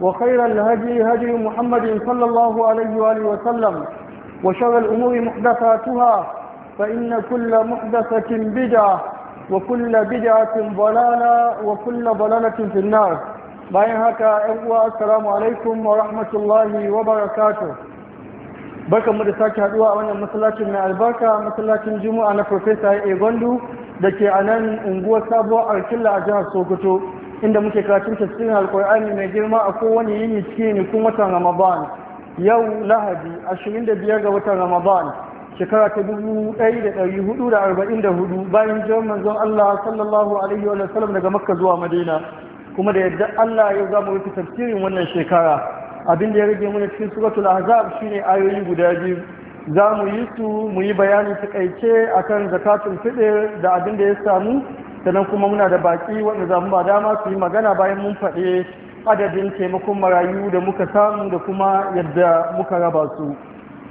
وخير الهدي هدي محمد صلى الله عليه وآله وسلم وشر الأمور محدثاتها فإن كل محدثة بدعة وكل بدعة ضلالة وكل ضلالة في النار bayan haka ‘yan uwa assalamu alaikum wa rahmatullahi wa barakatuh barkanmu da sake haduwa a wannan masallacin mai albarka masallacin juma'a na farfesa ya gwandu da ke a nan unguwar sabuwar arkilla a jihar sokoto inda muke karatun tafsirin alkur'ani mai girma a kowane yini cikin kun watan ramadan yau lahadi 25 ga watan ramadan shekara ta 1444 bayan jiran manzon Allah sallallahu alaihi wa sallam daga makka zuwa madina kuma da yadda Allah ya zama rufe tafsirin wannan shekara abin da ya rage mana cikin suratul ahzab shine ayoyi guda biyu za mu yi su mu yi bayani takaice akan zakatul fitr da abin da ya samu sannan kuma muna da baki wanda za mu ba dama su yi magana bayan mun faɗi adadin taimakon marayu da muka samu da kuma yadda muka raba su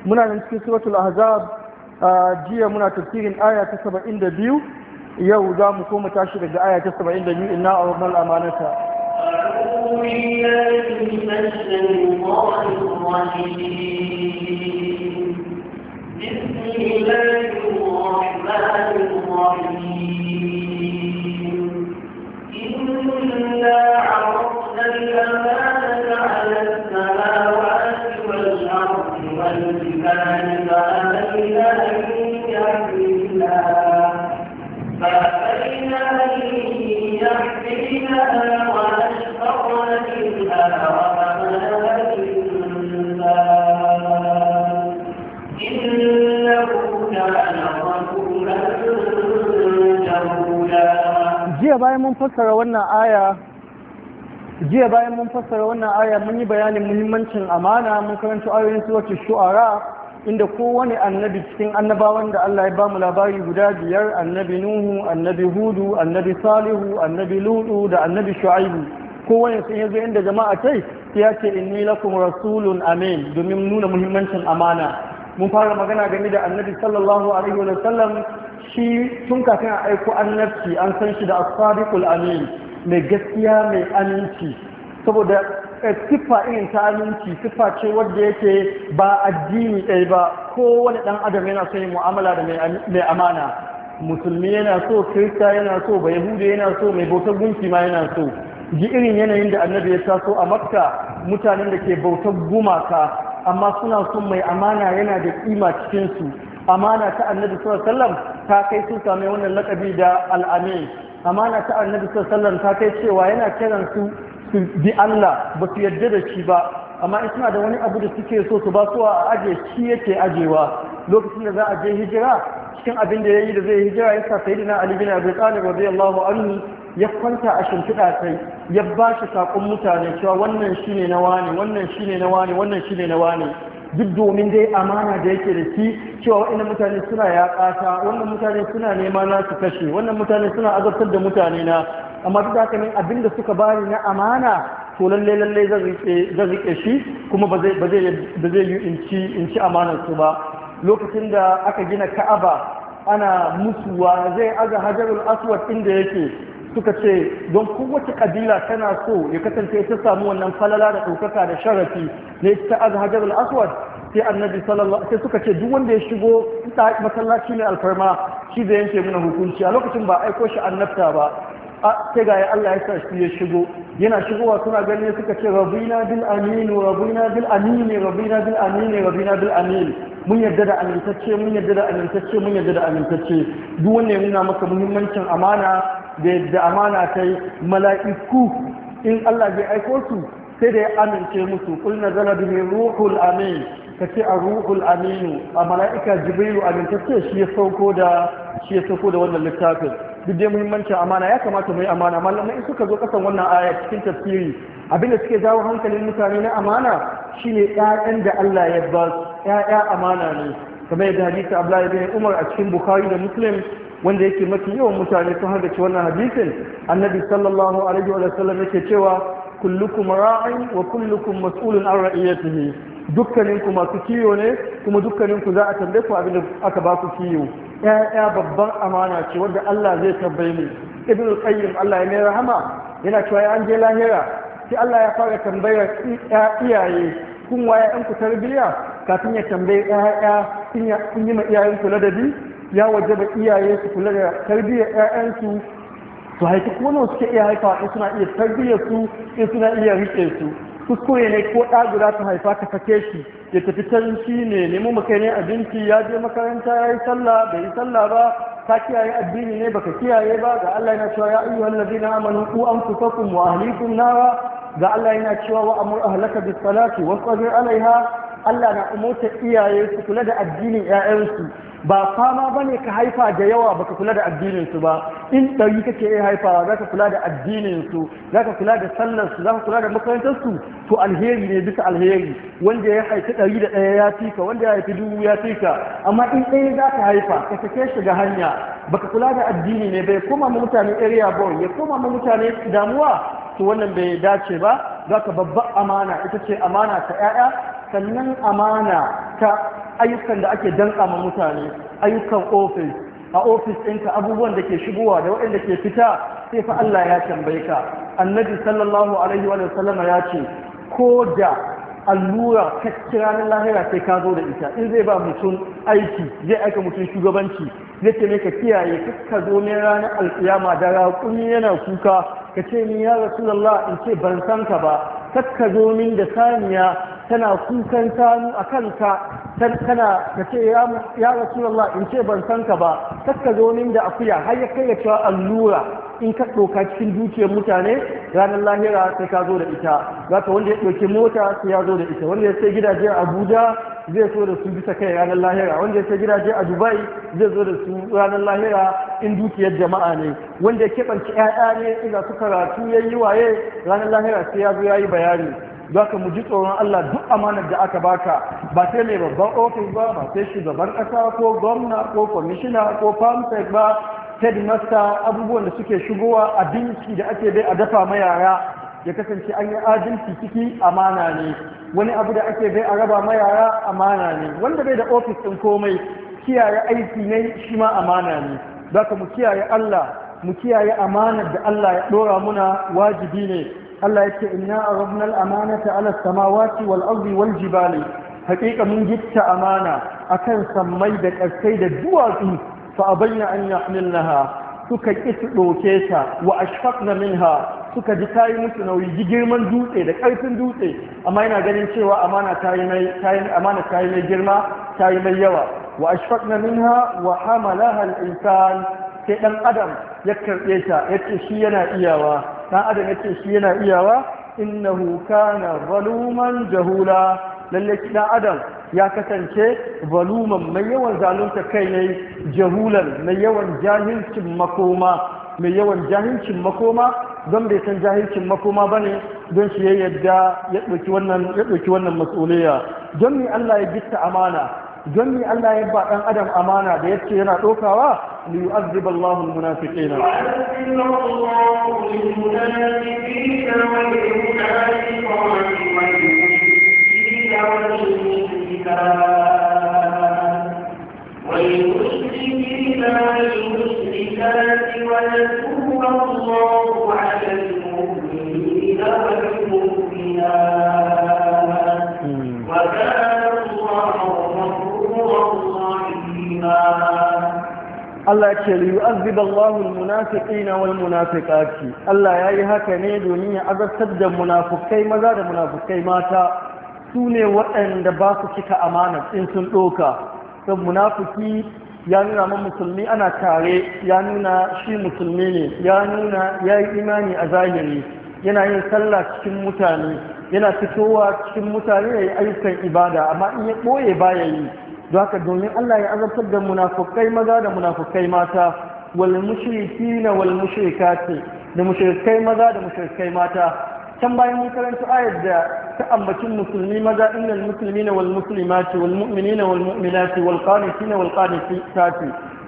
muna nan cikin suratul ahzab jiya muna tafsirin aya ta 72 yau za mu koma tashi daga aya ta 72 inna a'udhu amanata بسم الله الرحمن jiya bayan mun fassara wannan aya jiya bayan mun fassara wannan aya mun yi bayanin muhimmancin amana mun karanta ayoyin suratul shu'ara inda kowane annabi cikin annabawan da Allah ya ba mu labari guda biyar annabi nuhu annabi hudu annabi salihu annabi lutu da annabi shu'aibu kowane sun yanzu inda jama'a tai ya ce inni lakum rasulun amin domin nuna muhimmancin amana mun fara magana game da annabi sallallahu alaihi wa sallam shi sun kafin a aiko annabci an san shi da asadiqul amin mai gaskiya mai aminci saboda eh, sifa irin ta aminci sifa ce wadda yake ba addini ɗaya ba kowane ɗan adam yana son yin mu'amala da mai amana musulmi yana so kirista yana so ba yahudu yana so mai bautar gunki ma yana so ji irin yanayin da annabi ya taso a makka mutanen da ke bautar gumaka amma suna son mai amana yana da kima su amana ta annabi sallallahu alaihi ta kai su same wannan lakabi da al'amin amana ta annabi sallallahu ta kai cewa yana kiran su su bi Allah ba su yarda da shi ba amma in suna da wani abu da suke so su ba su a aje shi yake ajewa lokacin da za a je hijira cikin abin da yayi da zai hijira ya sa sayyidina Ali bin Abi Talib radiyallahu anhu ya kwanta a shimfiɗa sai ya ba shi saƙon mutane cewa wannan shine na wani wannan shine na wani wannan shine na wani duk domin dai amana da yake da shi cewa ina mutane suna yaƙata wannan mutane suna nema na su kashe wannan mutane suna azabtar da mutane na amma duk haka ne abin da suka bani na amana to lalle lalle zan rike shi kuma ba zai yi in ci amanar su ba lokacin da aka gina ka'aba ana mutuwa zai aza hajarul aswad inda yake suka ce don kowace kabila tana so ya kasance ta samu wannan falala da ɗaukaka da sharafi ne ta azhajar al-aswad sai annabi sallallahu sai suka ce duk wanda ya shigo masallaci mai alfarma shi zai yanke mana hukunci a lokacin ba aiko shi annabta ba sai ga ya Allah ya sa shi ya shigo yana shigowa suna ganin suka ce rabina bil amin rabina bil amin rabina bil amin rabina bil amin mun yarda da amintacce mun yarda da amintacce mun yarda da amintacce duk wanda ya nuna maka muhimmancin amana da yadda amana ta yi mala'iku in Allah bai aiko su sai da ya amince musu kul nazala bihi ruhul amin ce a ruhul aminu a mala'ika jibrilu amintacce shi ya sauko da shi ya sauko da wannan littafin duk dai muhimmancin amana ya kamata mu yi amana in suka zo kasan wannan aya cikin tafsiri abinda suke jawo hankalin mutane na amana shine ƴaƴan da Allah ya ba su ƴaƴa amana ne kamar yadda hadisi Abdullahi bin Umar a cikin Bukhari da Muslim wanda yake mafi yawan mutane sun haɗa ci wannan hadisin annabi sallallahu alaihi wa sallam yake cewa kullukum ra'in wa kullukum mas'ulun an ra'iyatihi dukkaninku masu kiyo ne kuma dukkaninku za a tambaye ku abin da aka ba ku kiyo ƴaƴa babban amana ce wanda Allah zai tambaye ni ibnu qayyim Allah ya mai rahama yana cewa ya an je lahira sai Allah ya fara tambayar iyaye kun waye ɗan ku tarbiyya kafin ya tambaye ƴaƴa kun yi ma iyayen ku ladabi ya waje iyaye su kula da tarbiyyar 'ya'yansu To haifi kuma suke iya haifa in suna iya tarbiyyar su in suna iya rike su kuskure ne ko ɗa guda ta haifa ka sake shi ya tafi can shi ne nemo maka ne abinci ya je makaranta ya yi sallah bai yi sallah ba ka kiyaye addini ne baka kiyaye ba ga Allah yana cewa ya ayyuhal ladina amanu qu anfusakum wa ahlikum nara ga Allah yana cewa wa amur ahlaka bis salati wasbir alaiha Allah na umurta iyaye su kula da addinin 'ya'yansu ba fama ba ne ka haifa da yawa baka kula da addininsu ba in ɗari kake iya haifa za ka kula da addininsu za ka kula da sallarsu za ka kula da makarantarsu to alheri ne bisa alheri wanda ya haifi ɗari da ɗaya ya fi wanda ya haifi dubu ya fi amma in ɗaya za ka haifa ka sake shi ga hanya baka kula da addini ne bai koma ma mutane area boy ya koma ma mutane damuwa to wannan bai dace ba za ka babba amana ita ce amana ta 'ya'ya sannan amana ta ayyukan da ake danka ma mutane ayyukan ofis a ofis ɗinka abubuwan da ke shigowa da waɗanda ke fita sai fa Allah ya tambaye ka annabi sallallahu alaihi wa sallama ya ce ko da allura ta kira na lahira sai ka zo da ita in zai ba mutum aiki zai aika mutum shugabanci zai ce ne ka kiyaye ka zo ne ranar alkiyama da raƙumi yana kuka ka ce ni ya rasulallah in ce ban san ka ba takka zo da saniya tana kukan sanu a kanka tana ka ce ya rasulullah in ce ban san ka ba takka zo da akuya har ya kai ya cewa allura in ka ɗauka cikin dukiyar mutane ranar lahira sai ka zo da ita zaka wanda ya ɗauki mota sai ya zo da ita wanda ya sai gidajen abuja zai so da su bisa kai ranar lahira wanda ya gidaje a dubai zai zo da su ranar lahira in dukiyar jama'a ne wanda ya keɓance 'ya'ya ne inda su karatu ya yi waye ranar lahira sai ya zo ya yi bayani za ka mu ji tsoron Allah duk amanar da aka baka ba sai mai babban ofis ba ba sai shugaban ƙasa ko gwamna ko kwamishina ko famsek ba hedimasta abubuwan da suke shigowa abinci da ake bai a dafa ma yara ya kasance an yi adalci ciki amana ne wani abu da ake bai a raba ma yara amana ne wanda bai da ofis ɗin komai kiyaye aiki ne shi ma amana ne za ka mu kiyaye Allah mu kiyaye amanar da Allah ya ɗora muna wajibi ne Allah ya ce inna arabna amanata ala samawati wal ardi wal jibali haƙiƙa mun gitta amana akan sammai da ƙarsai da duwatsu fa abayna an yahmilnaha suka ƙi su ɗauke ta wa ashfaqna minha suka ji ta yi musu nauyi ji girman dutse da ƙarfin dutse amma yana ganin cewa amana ta yi mai girma ta yi mai yawa wa ashfaqna minha wa hamalaha al-insan sai dan adam ya karɓe ta yace shi yana iyawa dan adam yace shi yana iyawa innahu kana zaluman jahula lalle dan adam ya kasance zaluman mai yawan zalunta kai ne jahulan mai yawan jahilcin makoma mai yawan makoma don bai san jahilcin makoma ba ne don shi ya yadda ya ɗauki wannan ya ɗauki wannan mas'uliya don me Allah ya gitta amana don me Allah ya ba ɗan adam amana da yace yana ɗaukawa li yu'azzib Allahu al-munafiqin والمشركين والمشركين الطيبات ويتوب الله على المؤمنين والمؤمنات Allah ce liyu'azzib Allahu al-munafiqina wal munafiqati Allah yayi haka ne domin ya azabtar da munafukai maza da munafukai mata su ne waɗanda ba su cika amana in sun ɗoka. Sun munafuki ya nuna man musulmi ana tare ya nuna shi musulmi ne ya nuna ya yi imani a zahiri yana yin sallah cikin mutane yana fitowa cikin mutane ya yi ayyukan ibada amma in ya ɓoye ya yi don haka domin Allah ya azabtar da munafukai maza da munafukai mata wal mushrikina wal mushrikati da mushrikai maza da mushrikai mata can bayan mun karanta ayar da ta ambacin musulmi maza innal muslimina wal muslimati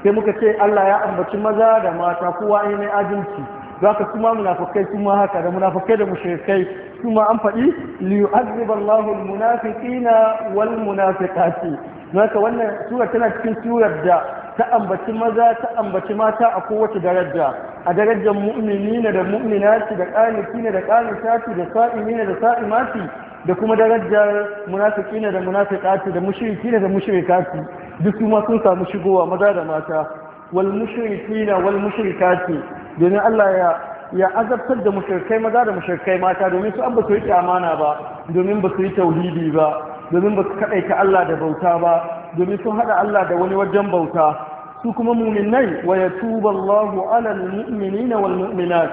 sai muka ce Allah ya ambaci maza da mata kowa ne mai adalci zaka kuma munafikai kuma haka da munafikai da mushrikai kuma an faɗi li yu'adhib Allahu al munafiqina wal munafiqati zaka wannan sura tana cikin surar da ta ambaci maza ta ambaci mata a kowace daraja a darajar ne da mu'minati da ne da qanitati da ne da sa'imati da kuma darajar ne da munafiqati da mushrikina da mushrikati duk kuma sun samu shigowa maza da mata wal mushrikina wal mushrikati domin Allah ya ya azabtar da mushrikai maza da mushrikai mata domin su an ba su yi amana ba domin ba su yi tauhidi ba domin ba su kaɗaita Allah da bauta ba domin sun haɗa Allah da wani wajen bauta su kuma muminai wa ya tuba Allahu ala na wal mu'minat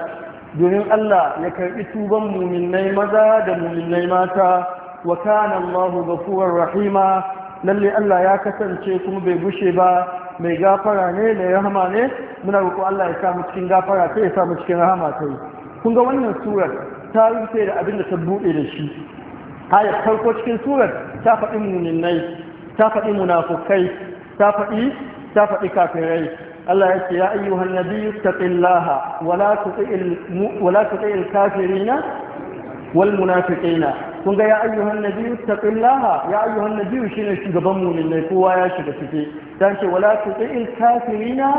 domin Allah ya karɓi tuban muminai maza da muminai mata wa kana Allahu ghafurur rahima lalle Allah ya kasance kuma bai gushe ba mai gafara ne mai rahama ne muna roƙo Allah ya samu cikin gafara sai ya samu cikin rahama sai kun ga wannan surar ta rufe da abin da ta buɗe da shi ayar farko cikin surar ta faɗi muminai ta faɗi munafukai ta faɗi ta faɗi kafirai Allah ya ce ya ayyuhan nabiyyu taqillaha wala tuti'il wala tuti'il kafirina wal munafiqina kun ga ya ayyuhan ta taqillaha ya ayyuhan shine shugaban mu'minai kowa ya shiga ciki ta ce wala tuqil kafirina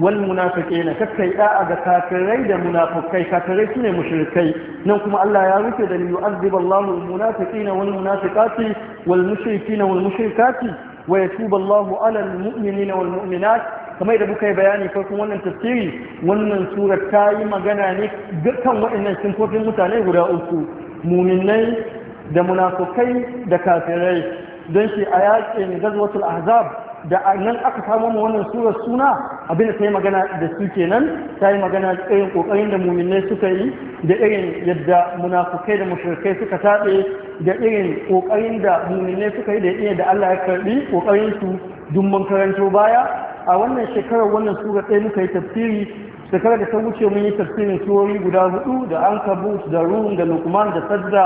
wal munafiqina kakkai da'a ga kafirai da munafikai kafirai ne mushrikai nan kuma Allah ya rufe da yu'azzibu Allahu al munafiqina wal munafiqati wal mushrikina wal mushrikati wa yatubu Allahu ala al mu'minina wal mu'minat kamar da muka yi bayani farkon wannan tafsiri wannan surar ta yi magana ne dukkan waɗannan sinkofin mutane guda uku muminai da munafukai da kafirai don shi a yakin gazwatul ahzab da nan aka samu mu wannan surar suna abin da sai magana da su kenan sai magana magana irin kokarin da muminai suka yi da irin yadda munafukai da mushrikai suka tabe da irin kokarin da muminai suka yi da iya da Allah ya karbi kokarin su dun karanto baya a wannan shekarar wannan sura ɗaya muka yi tafsiri shekarar da ta wuce mun yi tafsirin surori guda hudu da kabu da rum da lukman da sadda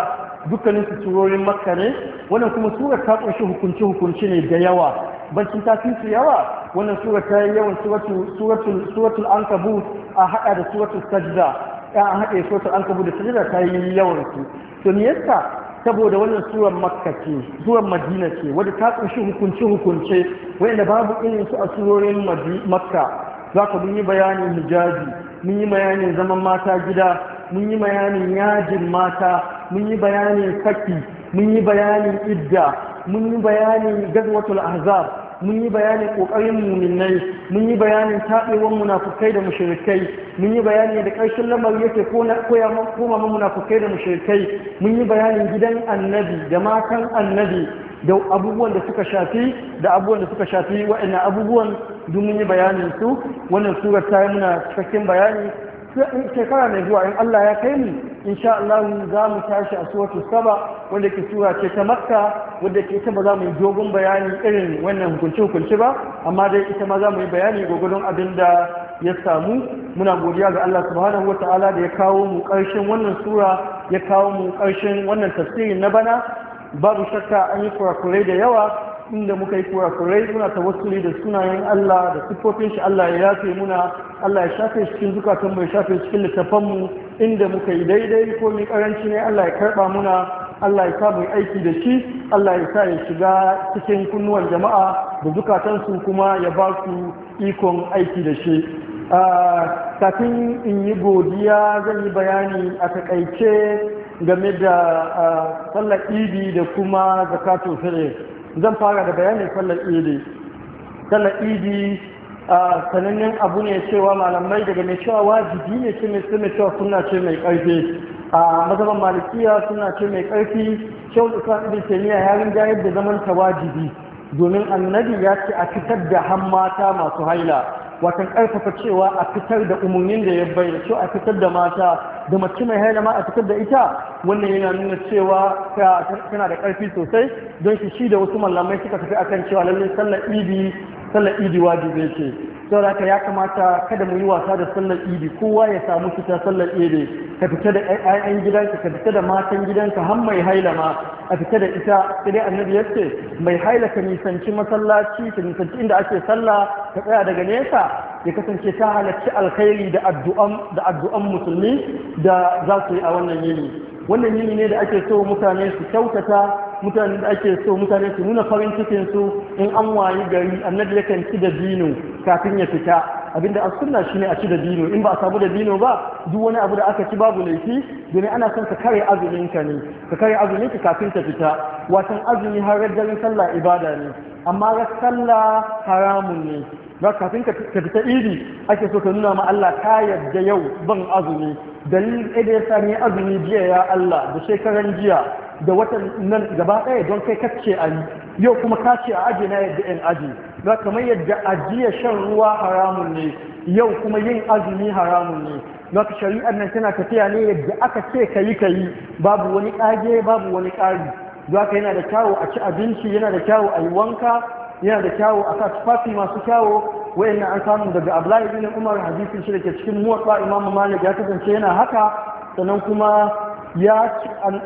dukkanin su surorin makka ne wannan kuma surar ta kunshi hukunci hukunci ne da yawa bacin ta fi su yawa wannan surar ta yi yawan suratul kabu a haɗa da suratul sadda a haɗe suratul kabu da sadda ta yi yawan su to me yasa saboda wannan surar makka ce surar madina ce wadda ta kunshi hukunci hukunce wanda babu irin su a surorin makka za ka mun yi bayanin hijabi mun yi bayanin zaman mata gida mun yi bayanin yajin mata mun yi bayanin saki mun yi bayanin idda mun yi bayanin gazwatul ahzab mun yi bayanin kokarin muminai mun yi bayanin taɓewar munafukai da mushrikai mun yi bayani da ƙarshen lamari yake koya koma munafukai da mushrikai mun yi bayanin gidan annabi da matan annabi da abubuwan da suka shafi da abubuwan da suka shafi wa'annan abubuwan duk mun yi bayanin su wannan surar ta yi muna cikakken bayani shekara mai zuwa in Allah ya kai mu sha Allah za mu tashi a suratu saba wanda ke sura ce ta makka wadda ke ita ba za mu yi dogon bayani irin wannan hukunci hukunci ba amma dai ita ma za mu yi bayani gwagwadon abin da ya samu muna godiya ga Allah subhanahu wa ta'ala da ya kawo mu karshen wannan sura ya kawo mu karshen wannan tafsirin na bana babu shakka an yi kurakurai da yawa inda muka yi kura kurakurai muna tawassuli da sunayen Allah da siffofin shi Allah ya yafe muna Allah ya shafe shi cikin zukatan mai shafe cikin littafan mu inda muka yi daidai ko mai karanci ne Allah ya karba muna Allah ya sa mu aiki da shi Allah ya sa ya shiga cikin kunnuwan jama'a da zukatan su kuma ya ba su ikon aiki da shi kafin in yi godiya zan yi bayani a takaice game da sallar da kuma zakatun fere zan fara da bayanin sallar idi sallar idi a sanannen abu ne cewa malamai daga mai cewa wajibi ne ce mai cewa suna ce mai karfi a mazaban malikiya suna ce mai karfi shawul islam ibn taymiya ya rinja yadda zamanta wajibi domin annabi ya ce a fitar da mata masu haila watan ƙarfafa cewa a fitar da umarnin da ya bayar cewa a fitar da mata da mace mai haila ma a fitar da ita wannan yana nuna cewa tana da karfi sosai don shi shi da wasu mallamai suka tafi akan cewa lallai sallar ibi sallar idi wajibi ce sau haka ya kamata kada mu yi wasa da sallar idi kowa ya samu fita sallar idi ka fita da ƴaƴan gidanka ka fita da matan gidanka har mai haila ma a fita da ita sai dai annabi ya ce mai haila ka nisanci masallaci ka nisanci inda ake sallah ka tsaya daga nesa ya kasance ta halarci alkhairi da addu'an da addu'an musulmi da za su yi a wannan yini wannan yini ne da ake so mutane su kyautata mutane da ake so mutane su nuna farin cikin su in an wayi gari annabi yakan ci da dino kafin ya fita abinda as sunna shine a ci da dino in ba a samu da dino ba duk wani abu da aka ci babu laifi domin ana son ka kare azumin ka ne ka kare azumin ka kafin ta fita watan azumi har daren sallah ibada ne amma ga sallah haramun ne ba kafin ka fita idi ake so ka nuna ma Allah ka yadda yau ban azumi dalilin da ya sami azumi jiya ya Allah da shekaran jiya da watan nan gaba ɗaya don kai kacce a yi yau kuma ka ce a aji na yadda in aji ba kamar yadda ajiya shan ruwa haramun ne yau kuma yin azumi haramun ne ba ka shari'ar nan tana tafiya ne yadda aka ce ka yi ka yi babu wani ƙage babu wani ƙari za ka yana da kyawo a ci abinci yana da kyawo a yi wanka yana da kyawo a sa tufafi masu kyawo wayannan an samu daga Abdullahi ibn Umar hadisin shi da ke cikin motsa, Imam Malik ya kasance yana haka sannan kuma ya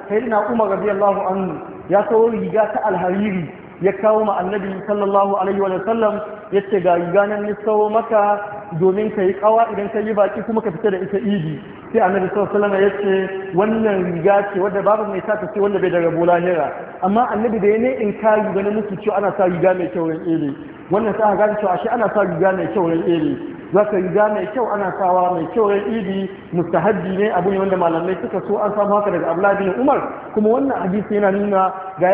sayyidina Umar radiyallahu anhu ya sayo riga ta alhariri ya kawo ma annabi sallallahu alaihi wa sallam yace ga riga nan ni sayo maka domin ka yi kawa idan ka yi baki kuma ka fita da ita idi sai annabi sallallahu ya ce wannan riga ce wadda babu mai sata ce wanda bai daga rabo lahira amma annabi da ya ne in kayu ganin musu cewa ana sa riga mai kyau ran wannan sa ga cewa ashe ana sa riga mai kyau ran iri zaka riga mai kyau ana sawa mai kyau ran idi mustahabbi ne abu ne wanda malamai suka so an samu haka daga Abdullahi bin Umar kuma wannan hadisi yana nuna ga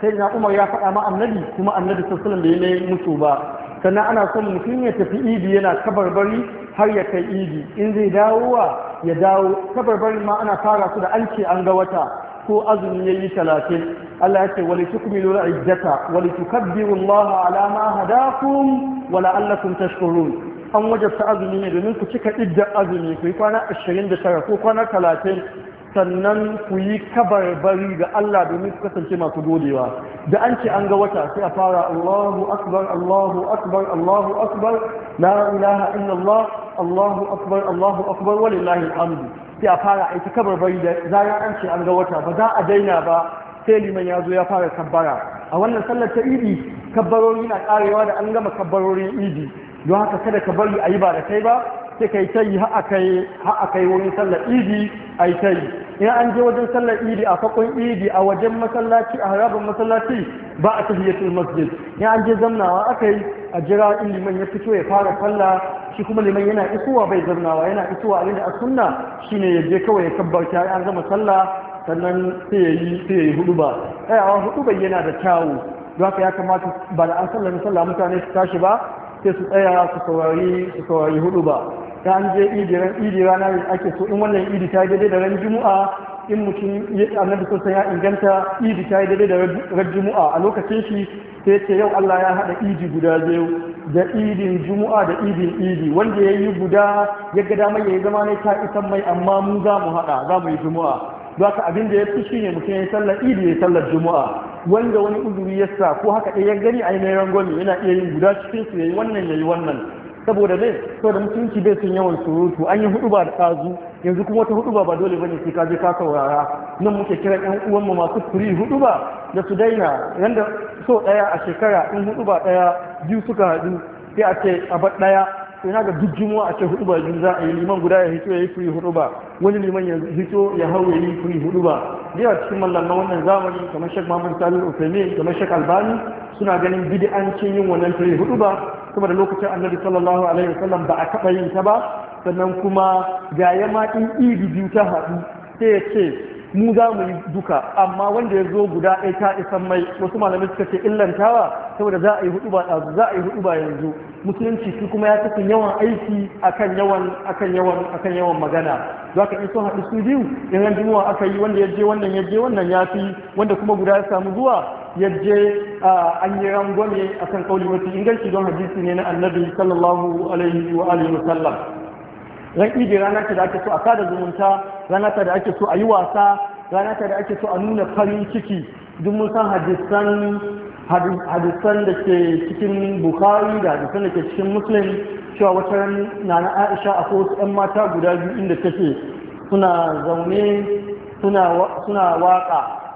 sai na Umar ya faɗa ma annabi kuma annabi sallallahu alaihi wasallam bai ne musu ba sannan ana son mutum ya tafi idi yana kabarbari har ya kai idi in zai dawowa ya dawo kabarbari ma ana fara su da an an ga wata ko azumi ya yi talatin Allah ya ce wali tukmilu iddata wali tukabbiru Allah ala ma hadakum wa la'allakum tashkurun an wajabta azumi ne domin ku cika idda azumi ku yi kwana 29 ko kwana 30 sannan ku yi kabarbari ga Allah domin su kasance masu godewa da an ce an ga wata sai a fara Allahu akbar Allahu akbar Allahu akbar la ilaha illallah Allahu akbar Allahu akbar walillahi alhamdu sai a fara aiki kabarbari da zai an ce an ga wata ba za a daina ba sai liman ya zo ya fara kabbara a wannan sallar ta idi kabbarori na karewa da an gama kabbarorin idi don haka kada ka bari a yi ba da kai ba sai kai ta yi ha'a kai wurin sallar idi a ta yi in an je wajen sallar idi a fakon idi a wajen masallaci a harabin masallaci ba a tahiyatul masjid in an je zamnawa aka yi a jira in liman ya fito ya fara falla, shi kuma liman yana isowa bai zamnawa yana isowa da a sunna ne ya je kawai ya kabbarta an gama sallah sannan sai ya yi sai ya yi hudu ba tsayawa hudu bai yana da kyawu don haka ya kamata ba da an sallar sallah mutane su tashi ba sai su tsaya su saurari su saurari huɗu ba ta an je idi rana da ake so in wannan idi ta daidai da ran juma'a in mutum ya annabi sosai ya inganta idi ta daidai da ran juma'a a lokacin shi sai ce yau Allah ya haɗa idi guda biyu da idin juma'a da idin idi wanda ya yi guda ya ga damar ya yi zama ne ta isan mai amma mu za mu haɗa za mu yi juma'a za ka abin da ya fi shine mutum ya yi sallar idi ya yi sallar juma'a wanda wani uzuri ya sa ko haka ɗaya gani a yi mai rangwami yana iya yin guda cikin su ya yi wannan ya yi wannan saboda mai da mutunci bai sun yawan surutu an yi hudu ba da tazu yanzu kuma wata hudu ba ba dole bane sai ka ka saurara nan muke kiran yan uwan mu masu firi hudu ba da su daina yanda so daya a shekara in hudu ba daya biyu suka hadu sai a ce a bar daya sai na ga duk juma'a a ce hudu ba biyu za a yi liman guda ya hito ya yi firi hudu ba wani liman ya hito ya hau ya yi firi hudu ba yawa cikin mallan wannan zamani kamar shek mamman salihu ufemi kamar shek albani suna ganin bidi'ancin yin wannan firi hudu ba Kuma da lokacin annabi sallallahu alaihi wasallam ba a taɓa yin ta ba sannan kuma ga yama din idi biyu ta haɗu sai ya ce mu za mu yi duka amma wanda ya zo guda ɗaya ta isa mai wasu malamai suka ce illantawa saboda za a yi hudu ba a yanzu musulunci su kuma ya tafi yawan aiki akan yawan magana za ka iso haɗu su biyu in ran juma'a aka yi wanda ya je wannan ya wannan ya fi wanda kuma guda ya samu zuwa yaje je an yi rangwame akan kauli mafi inganci don hadisi ne na annabi sallallahu alaihi wa alihi wa ran idi rana ta da ake so a sada zumunta rana ta da ake so a yi wasa rana ta da ake so a nuna farin ciki duk mun san hadisan hadisan da ke cikin bukhari da hadisan da ke cikin muslim cewa wata na na aisha a wasu 'yan mata guda biyu inda take suna zaune suna waka